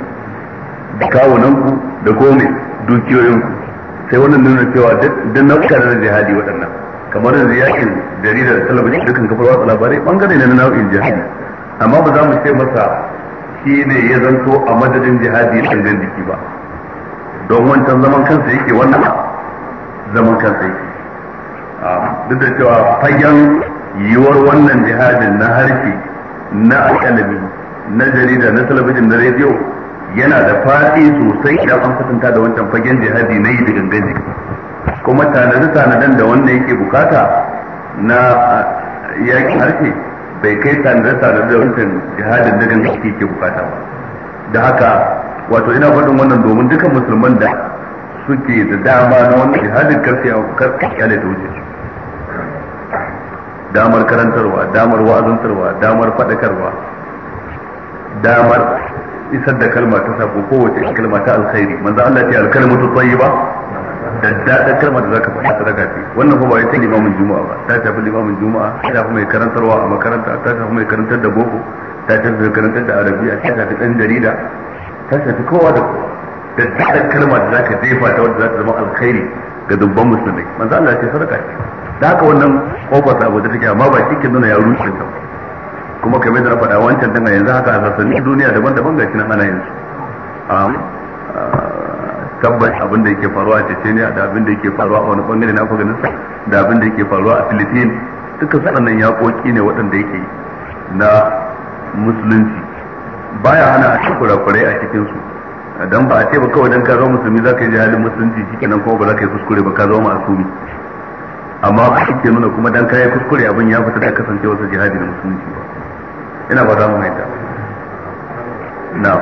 da kawunan ku da komai dukiyoyin ku sai wannan nuna cewa duk nau'ukan na jihadi waɗannan kamar yanzu yakin jaridar talabijin dukkan kafar watsa labarai bangare ne na nau'in jihadi amma ba za mu ce masa shi ne ya zanto a madadin jihadi gangan jiki ba don wancan zaman kansa yake wannan zaman kansa yake ah, duk da cewa fagen yiwuwar wannan jihadin na harshe na alƙalami na jarida na talabijin na rediyo yana da fadi sosai idan an kasanta da wancan fagen jihadi na yi da gangan jiki kuma tanadar-tanadar da wanda yake bukata na ah, yakin harshe bai kai tanadar-tanadar da wancan jihadin da gangaski ke bukata ba da haka wato ina faɗin wannan domin dukan musulman da suke da dama na wannan jihadin karfi a karfi da wuce damar karantarwa damar wa'azantarwa damar faɗakarwa damar isar da kalma ta sako kowace kalma ta alkhairi manzo Allah ya alkalmatu tayyiba da daddadar kalmar da zaka faɗa sadaka ce wannan ko ba ya tsaye limamin juma'a ba ta tafi limamin juma'a ta shafi mai karantarwa a makaranta ta shafi mai karantar da boko ta shafi mai karantar da arabiya ta shafi ɗan jarida ta shafi kowa da kowa daddadar kalmar da zaka jefa ta wanda zaka zama alkhairi ga dubban musulmai manzo Allah ya ce sadaka ce da haka wannan kofar da abu da take amma ba shi ke nuna ya rushe ta kuma kamar da na faɗa wancan dan yanzu haka a sassanin duniya daban-daban ga shi nan ana yanzu tabbas abin da yake faruwa a Chechnya da abin da yake faruwa a wani bangare na Afghanistan da abin da yake faruwa a Philippines duka waɗannan yaƙoƙi ne waɗanda yake na musulunci baya hana a cikin kurakure a cikin su dan ba a ce ba kawai dan ka zama musulmi zaka yi halin musulunci shikenan kuma ba za ka yi kuskure ba ka zama asumi amma ba shi ke nuna kuma dan ka yi kuskure abin ya fita da kasance wasu jihadi na musulunci ba ina ba za mu haita
na'am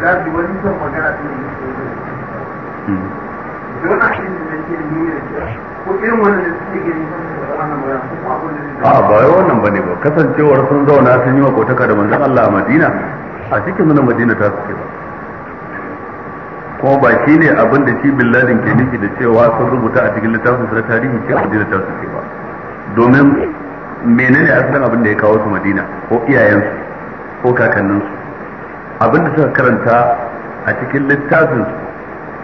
za su wani son magana su ne don a cikin da ke niyyar ko irin wannan da suke gani a ba yi wannan ba
ne ba kasancewar sun zauna sun yi makotaka da manzon Allah a Madina a cikin nan Madina ta suke ba kuma ba shi ne abin da shi bin ladin ke nufi da cewa sun rubuta a cikin littafin na tarihi ce Madina ta suke ba domin menene asalin abin da ya kawo su Madina ko iyayensu ko kakanninsu eh, abinda suka karanta a cikin littafin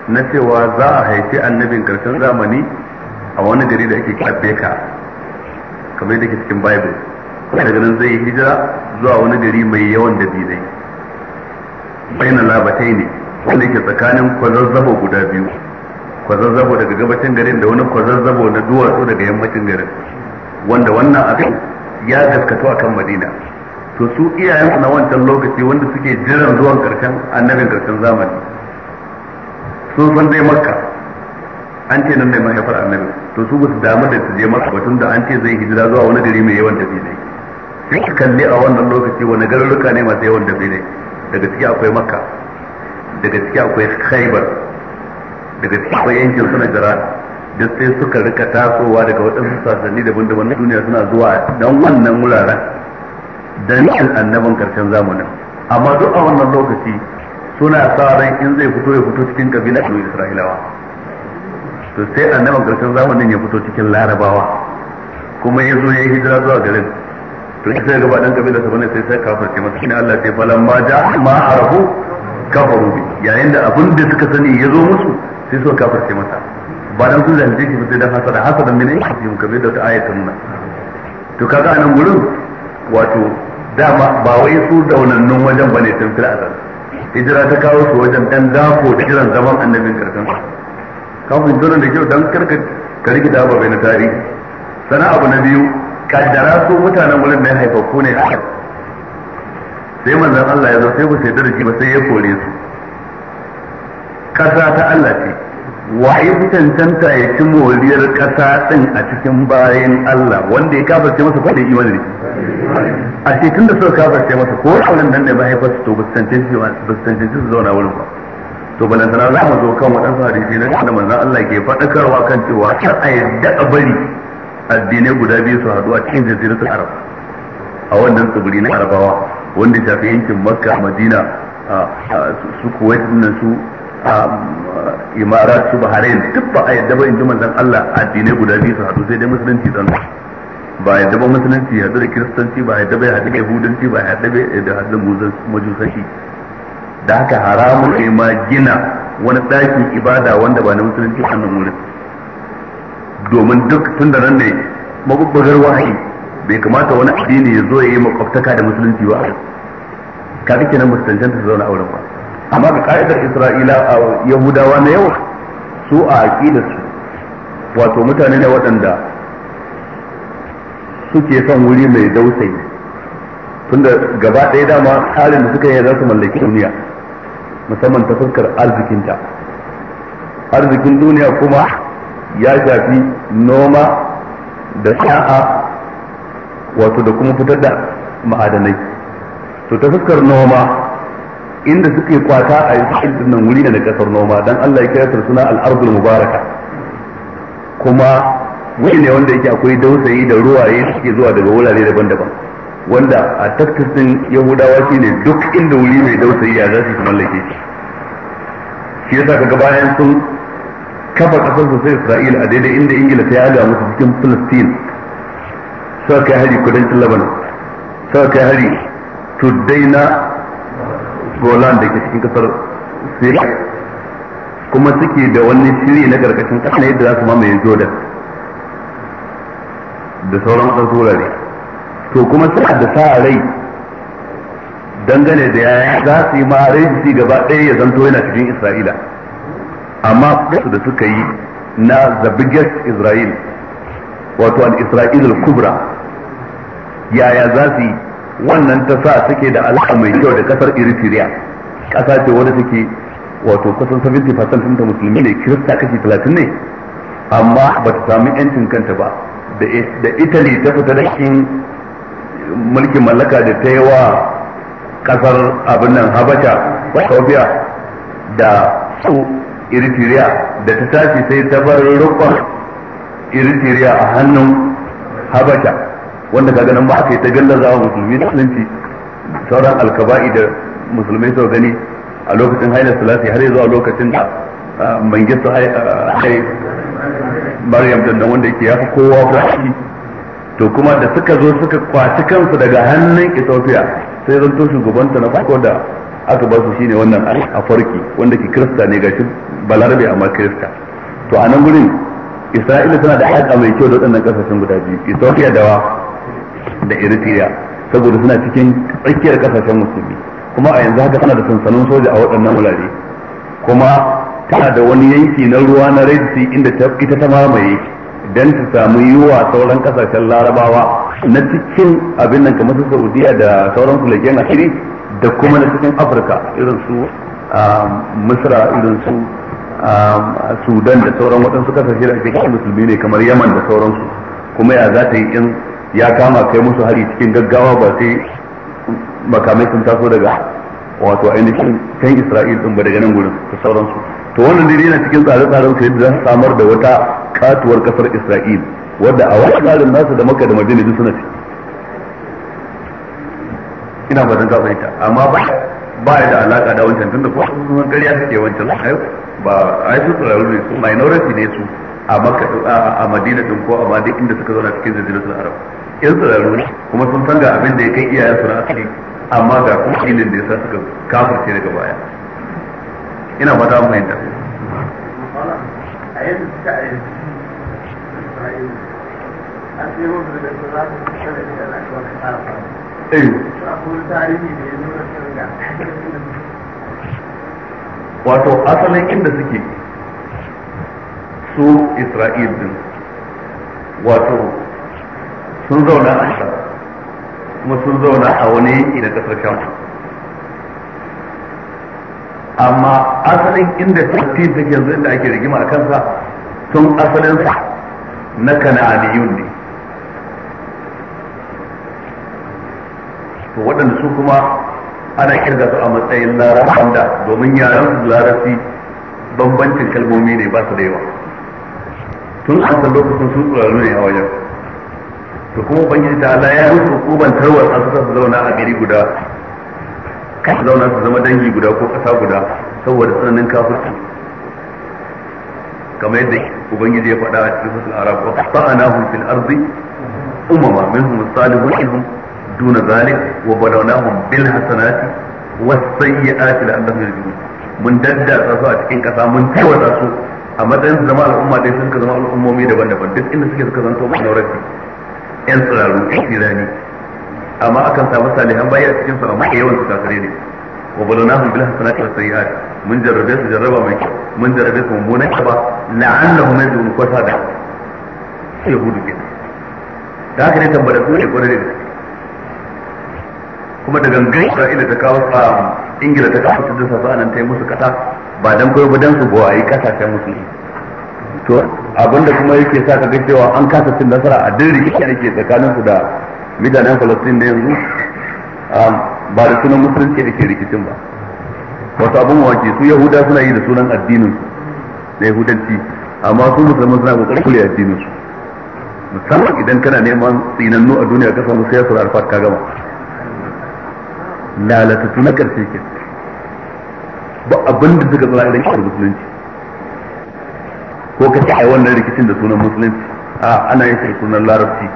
na cewa za a haifi annabin karshen zamani a wani gari da ake kira kamar yadda ke cikin bible daga nan zai hijira zuwa wani gari mai yawan dabinai
baina labatai
ne wanda yake tsakanin kwazazzabo guda biyu kwazazzabo daga gabacin garin da wani kwazazzabo na duwatsu daga yammacin garin wanda wannan abin ya gaskato akan madina to su iyayensu na wancan lokaci wanda suke jiran zuwan karshen annabin karshen zamani sun san dai makka an ce nan ne mahaifar annabi to su basu damu da su je makka ba tun da an ce zai hijira zuwa wani gari mai yawan dafi dai sai ka kalli a wannan lokaci wani garuruka ne masu yawan dafi dai daga ciki akwai makka daga ciki akwai khaibar daga ciki akwai yankin suna jira da sai suka rika tasowa daga waɗansu sassani daban-daban na duniya suna zuwa don wannan wuraren da annabin karshen zamanin amma duk a wannan lokaci suna sa ran in zai fito ya fito cikin kabilar banu isra'ilawa to sai annabin karshen zamanin ya fito cikin larabawa kuma ya zo ya yi hijira zuwa garin to in sai gaba dan kabilar sabana sai sai ce masa ina Allah ce falan ma ja ma arahu kafaru bi yayin da abin da suka sani ya zo musu sai suka ce masa ba dan sun zalunce shi sai dan hasada hasadan min ayyukum kabilar ta ayatun nan to kaga anan gurin wato dama ba wai su zaunannun wajen bane tun fil azan hijira ta kawo su wajen dan gafo da zaman annabin ka kafin dora da kyau dan karka ka da ba na tarihi sana abu na biyu kaddara su mutanen wurin ne haifafu ne sai manzon Allah ya zo sai ba sai darji ba sai ya kore su kasa ta Allah ce wa ya tantanta ya ci moriyar ƙasa ɗin a cikin bayan Allah wanda ya kafarce masa kwaɗin imani a cikin da suka kafarce masa ko auren nan ne ya fasu to ba su cancanci su zauna wurin ba to balantana za mu zo kan waɗansu hadisi na da manzan Allah ke faɗakarwa kan cewa kar a yadda a bari addinai guda biyu su haɗu a cikin jaziratul arab a wannan tsibiri na arabawa wanda shafi yankin makka madina su kuwait nan su imarat su bahrain duk ba a yadda ba in ji manzon Allah addinai guda biyu su hadu sai dai musulunci zan ba yadda ba musulunci ya da kiristanci ba yadda ba ya haɗu yahudanci ba ya haɗu da haɗu majusashi da haka haramun kai ma gina wani ɗakin ibada wanda ba na musulunci a nan wurin domin duk tun da nan ne mabubbagar wahayi bai kamata wani addini ya zo ya yi makwabtaka da musulunci ba kaga kenan musulunci ta zauna auren ba amma ga ka'idar isra'ila a yahudawa na yau su a su wato mutane ne waɗanda suke son wuri mai dausayi tunda gaba ɗaya dama tsarin da suka yi za su mallaki duniya musamman ta fuskar arzikinta arzikin duniya kuma ya shafi noma da sha'a wato da kuma fitar da ma'adanai to ta fuskar noma inda suke kwata a yi sa'id din nan wuri ne na kasar noma dan Allah ya kira su suna al mubaraka kuma wuri ne wanda yake akwai dausayi da ruwaye suke zuwa daga wurare daban-daban wanda a taktisin yahudawa shi ne duk inda wuri mai dausayi ya za su mallake shi shi yasa kaga bayan sun kafa kasar su sai Isra'ila a daidai inda Ingila ta yaga musu cikin filistin. suka kai hari kudancin Lebanon suka kai hari tuddai na Poland da ke cikin kasar Syria kuma suke da wani shiri na karkashin kasa na yadda za su mamaye Jordan da sauran wasu wurare to kuma suna da sa rai dangane da yaya za su yi ma'arai gaba ɗaya ya zanto yana cikin Isra'ila amma su da suka yi na the biggest Israel wato al-Isra'il kubra yaya za su yi wannan ta sa take da alaƙa mai kyau da kasar Eritrea ƙasa ce wadda take wato kusan 70% ta musulmi ne kirista kashi 30 ne amma ba ta sami yancin kanta ba da Italy ta fita da cikin mulkin mallaka da ta yi wa kasar abin nan Habasha Ethiopia da su Eritrea da ta tashi sai ta bar rukun Eritrea a hannun Habasha wanda kaga nan ba aka yi ta gallaza wa musulmi da musulunci sauran alkaba'i da musulmai sau gani a lokacin haina salati har zuwa lokacin da mangista kai maryam dandan wanda yake ya fi kowa shi. to kuma da suka zo suka kwaci kansu daga hannun ethiopia sai zan zanto shugabanta na farko da aka ba su shine wannan a farki wanda ke kirista ne gashi balarabe amma kirista to a nan gurin isra'ila tana da haƙa mai kyau da waɗannan ƙasashen guda biyu ethiopia da wa da eritrea saboda suna cikin tsakiyar kasashen musulmi kuma a yanzu haka tana da sansanin soja a waɗannan wurare kuma tana da wani yanki na ruwa na red sea inda ita ta mamaye don ta samu yiwa sauran kasashen larabawa na cikin abin nan kamar su saudiya da sauran su asiri da kuma na cikin afirka irin su ah, misra irin su ah, sudan da sauran waɗansu kasashe da ake musulmi ne kamar yaman da sauransu kuma ya za ta yi in ya kama kai musu hari cikin gaggawa ba sai makamai sun taso daga wato ainihin kan Isra'il din ba daga nan gurin da sauransu to wannan dai yana cikin tsare-tsaren su yadda za su samar da wata katuwar kasar Isra'il wadda a wani tsarin nasu da maka da Madina duk suna ciki ina ba zan ka fahimta amma ba ba da alaka da wancan tunda ko sun ƙarya suke wancan ba ai su tsararru ne su minority ne su a makka a madina din ko a madina inda suka zauna cikin zazzabi arab yan da ne kuma sun san ga abin da ya kai iyayen su na asali amma ga kuma ilin da ya sa suka kafirce daga baya ina fata an fahimta eh. wato asalin inda suke su isra'il din wato sun zauna a sham kuma sun zauna a wani yanki na kasar amma asalin inda tattin ke yanzu inda ake rigima a kansa sun asalinsa na kana'aniyun ne to waɗanda su kuma ana kirga su a matsayin larabci da domin yaren larabci bambancin kalmomi ne ba su da yawa tun an lokacin sun tsararru ne a wajen to kuma ubangiji ta Allah ya rufe kuban tarwar an sa su zauna a gari guda su zauna su zama dangi guda ko kasa guda saboda tsananin kafirci kamar yadda ubangiji ya faɗa a cikin sura arab wa qata'nahum fil ardi umama minhum as-salihun minhum duna zalik wa badawnahum bil hasanati was sayyiati la'annahum yarji'un mun daddatsa su a cikin kasa mun tawada su a matsayin zama al'umma dai sun ka zama al'ummomi daban-daban duk inda suke suka zanto ba na yan tsiraru kirani amma akan samu salihan bayi a cikin su amma da yawan su kafire ne wa balonahum bil hasanati was sayyi'at mun jarrabe su jarraba mai kyau mun jarrabe su mummunan ba la'annahum yadun kwata da yahudu ke? da haka ne tambara su ne kwarai da kuma da gangan Isra'ila ta kawo a um, Ingila ta kawo su da nan ta yi musu kasa ba dan koyo ba dan su bo ayi kasashen musulmi to abinda kuma yake sa ka ga cewa an kasa cin nasara a duk yake ake tsakanin su da mutanen Falastin da yanzu um, ba da sunan musulunci ake rikicin ba wasu abin wake su Yahuda suna yi da sunan addinin su na Yahudanci amma su musulman suna kokarin kule addinin su musamman idan kana neman tsinannu a duniya ka samu siyasar alfat ka gama Lalata na karshe ke ba abin da suka tsara idan shi musulunci ko ka ce ai wannan rikicin da sunan musulunci a ana yin shi sunan larabci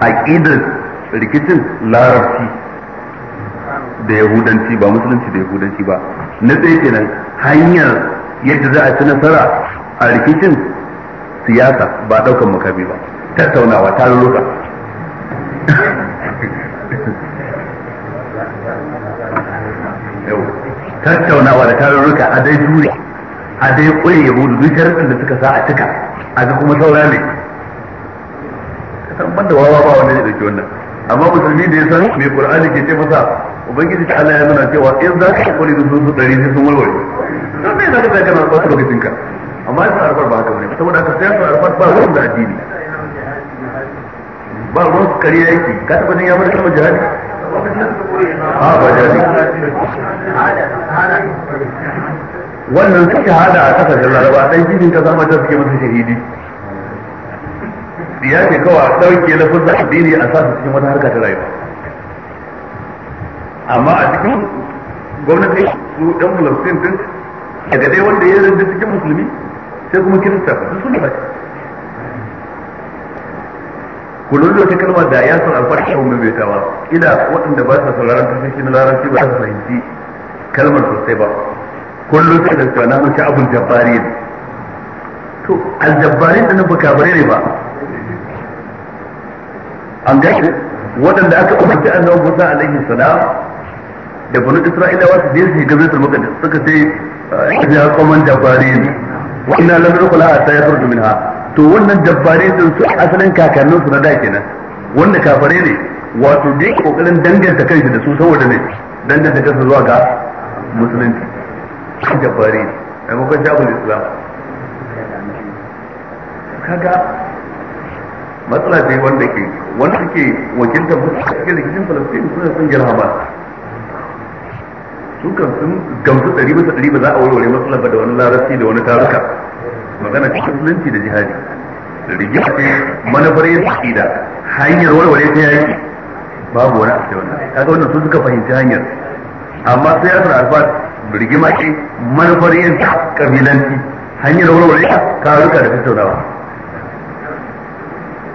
A ƙidar rikicin larabci da yahudanci ba musulunci da yahudanci ba na tsaye kenan hanyar yadda za a ci nasara a rikicin siyasa ba ɗaukar makami ba tattaunawa ta lura
tattaunawa
da tarurruka a dai jure a dai ƙure yahudu duk sharuɗin da suka sa a cika a ga kuma saura ne kasan banda wawa ba wanda ya dauki wannan amma musulmi da ya san mai qur'ani ke ce masa ubangiji ta Allah ya nuna cewa in za ka kore da su dari sai sun warware don me za ka tsaya kana ɓata lokacin ka amma ya arfar ba haka bane saboda ka sai yasa arfar ba ruwan da addini
ba ruwan su kariya yake ka taɓa jin ya bar kalmar jihadi a ba jihadi
wannan sai shahada a kasashen laraba dan kifin zama ta suke masa shahidi ya ce kawai a ɗauke lafazin addini a sa cikin wata harka ta rayuwa amma a cikin gwamnati su ɗan mulamsin din daga dai wanda ya rinda cikin musulmi sai kuma kirista su sun ba ku da wata kalmar da ya san alfarki a wani tawa ina waɗanda ba sa sauraron kasashe na larabci ba su fahimci kalmar sosai ba kullum sai da cewa nanu sha'abul jabbarin to aljabbarin da nan ba kabare ne ba an gashi waɗanda aka umarta annabi Musa alaihi salam da banu isra'ila wasu da su shiga Baitul Maqdis suka ce eh, ya jabbari ne wa inna lam nukhla hatta yakhruju minha to wannan jabbari din su asalin kakannin su na da kenan wanda kafare ne wato dai kokarin danganta kanshi da su saboda ne danganta kansu zuwa ga musulunci jabari a maimakon shahul islam kaga matsala ce wanda ke wanda suke wakilta cikin rikicin falastin suna kungiyar hamas su kan sun gamsu ɗari bisa ɗari ba za a warware matsala ba da wani larabci da wani taruka magana cikin musulunci da jihadi rigima ce manufar yin aƙida hanyar warware ta yaki babu wani a wannan kaga wannan su suka fahimci hanyar amma sai asar alfat rigima ce manufar yin kabilanci hanyar warware ka karuka da tattaunawa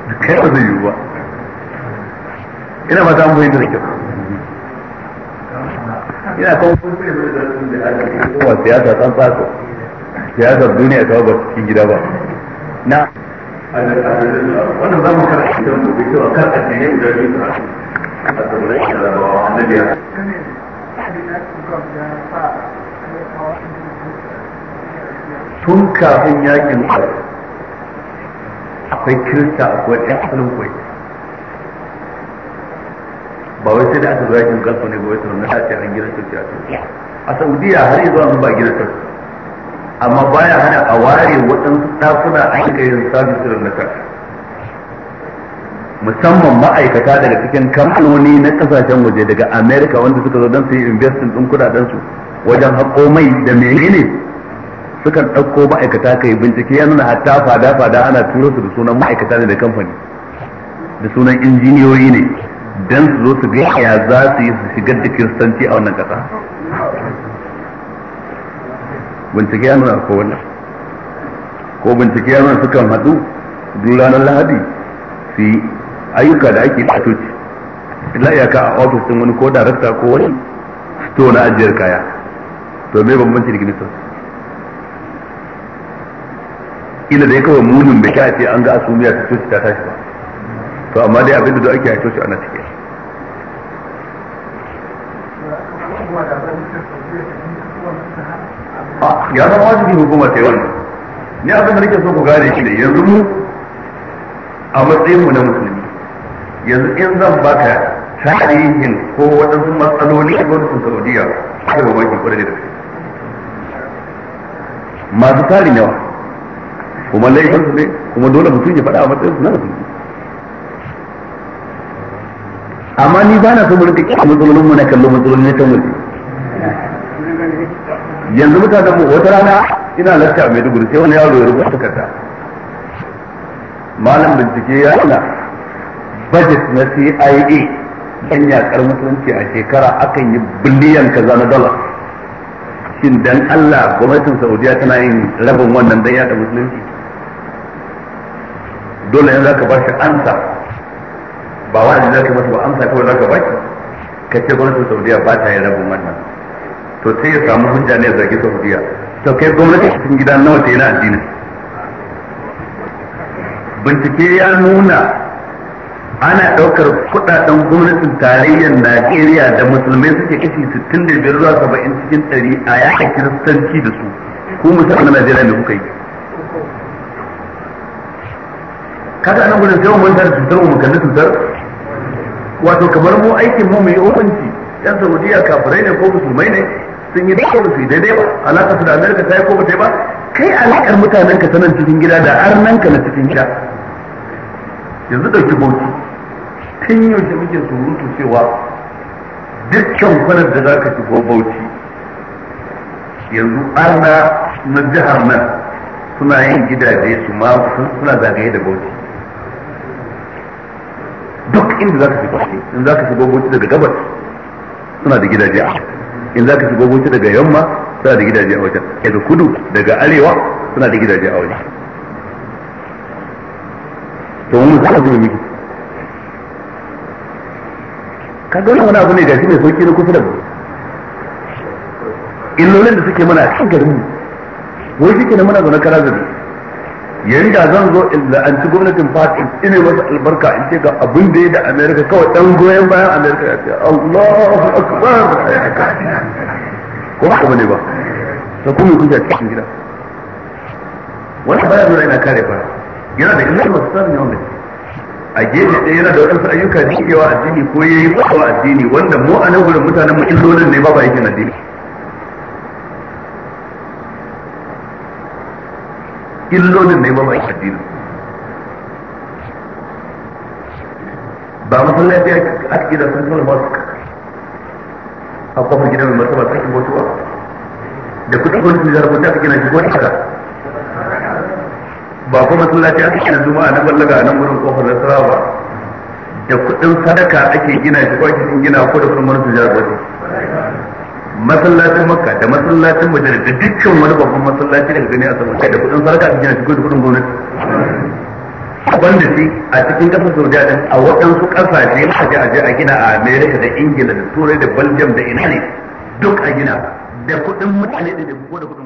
da kai ba zai yiwu ba ina ba za mu yi da kyau
ina kan kuma
da da siyasa san tsaka siyasar duniya ta ba cikin gida ba na wannan za mu karanta da mu bai cewa kar addinai guda biyu a tsibirai da annabiya tun kafin yakin akwai kirista akwai ɗan asalin kwai ba wai sai da aka zuwa yakin kalfa ne ba wai tunan na ce an gidan turki a turki a saudiya har yi zuwa ba gidan turki amma baya hana a ware waɗansu ɗakuna a shiga yin sabis da na musamman ma'aikata daga cikin kamfanoni na kasashen waje daga america wanda suka zo don su yi investin ɗin su wajen haƙo mai da menene sukan ɗauko ma'aikata ka yi bincike yana hatta fada fada ana turo su da sunan ma'aikata ne da kamfani da sunan injiniyoyi ne don su zo su ga ya za su yi su shigar da kiristanci a wannan ƙasa bincike yana ko wannan ko bincike yana nuna sukan haɗu duk ranar lahadi su yi ayyuka da ake a ila illa iyaka a ofis wani ko darakta ko wani sto na ajiyar kaya to me bambanci da kiristan ila ya kawo munin bai kya an ga asumiya ta coci ta tashi ba to amma dai abinda da ake coci ana cike ah, ya zama wajibi hukuma ta yi wannan ni abin da nake so ku gane shi ne yanzu mu a matsayin mu na musulmi yanzu in zan baka tarihin ko waɗansu matsaloli a gwamnatin saudiya ba ba ba ki kwarai da gaske masu tarihin yawa kuma su ne kuma dole mutum ya faɗa a su na mutum amma ni ba na so mu rinka kira matsalolin mu na kallon matsalolin na kan waje
yanzu mutanen mu wata rana
ina lakta a Maiduguri sai wani yaro ya rubuta takarda malam bincike ya nuna budget na CIA kan yakar musulunci a shekara akan yi biliyan kaza na dala shin dan Allah gwamnatin Saudiya tana yin rabin wannan dan yaɗa musulunci dole ne zaka ba shi ansa ba ne zaka masa ba amsa kawai zaka ba shi ka ce gwamnatin saudiya ba ta yin rabin wannan to sai ya samu hujja ne zargi saudiya to kai gwamnati cikin gida nawa ta yi na addinin bincike ya nuna ana ɗaukar kuɗaɗen gwamnatin tarayyar Najeriya da musulmai suke kashi 65 zuwa 70 cikin 100 a yakin kiristanci da su ko na Najeriya ne kuka yi kaga nan gudun sai mu manta da cutar mu kalli cutar wato kamar mu aikin mu mai hukunci yan saudiya kafirai ne ko musulmai ne sun yi dai su daidai ba alaka su da amerika ta yi ko ba ba kai alakar mutanen ka sanan cikin gida da arnan ka na cikin gida yanzu dauki bauti. tun da muke surutu cewa dukkan kwanar da za ka shigo bauti. yanzu arna na jihar nan suna yin gidaje su ma suna zagaye da bauti. duk inda zaka shiga shi in zaka shigo gobe daga gabas suna da gidaje a in zaka shigo gobe daga yamma suna da gidaje a wajen daga kudu daga arewa suna da gidaje a wajen to mun zaka zo miki kaga wannan wani abu ne shi mai sauki na kusa da mu illolin da suke mana a cikin garin mu wai shi ke muna zaune kara zabi yayin da zan zo in la'anci gwamnatin in ina wata albarka in ce ga abin da ya da america kawai dan goyon bayan america ya ce allahu akbar ko ba ne ba ta kuma kuke cikin gida wannan bayan nuna ina kare fara yana da ilimin masu tsarin ne gaske a gefe ɗaya yana da waɗansu ayyuka da wa addini ko yayi wa addini wanda mu a nan gudun mutanen mu illolin ne ba ba yake addini illolin ne ba addinin ba masallaci a cikin da sun masu a kofar gidan mai martaba sakin mutuwa da kudin gwamnati da rubuta aka gina shigo haka ba kuma masallaci aka gina juma'a na ballaga a nan wurin kofar nasara ba da kudin sadaka ake gina shi shigo ake gina ko da kuma gwamnati da rubuta masallacin makka da masallacin madina da dukkan wani babban masallaci da gani a saman kai da kudin sarka a gina cikin kudin gwamnati wanda shi a cikin kasar saudiya din a waɗansu ƙasashe ma je a je a gina a
america da ingila da turai da belgium da ina ne duk a gina da kudin mutane da ko da kudin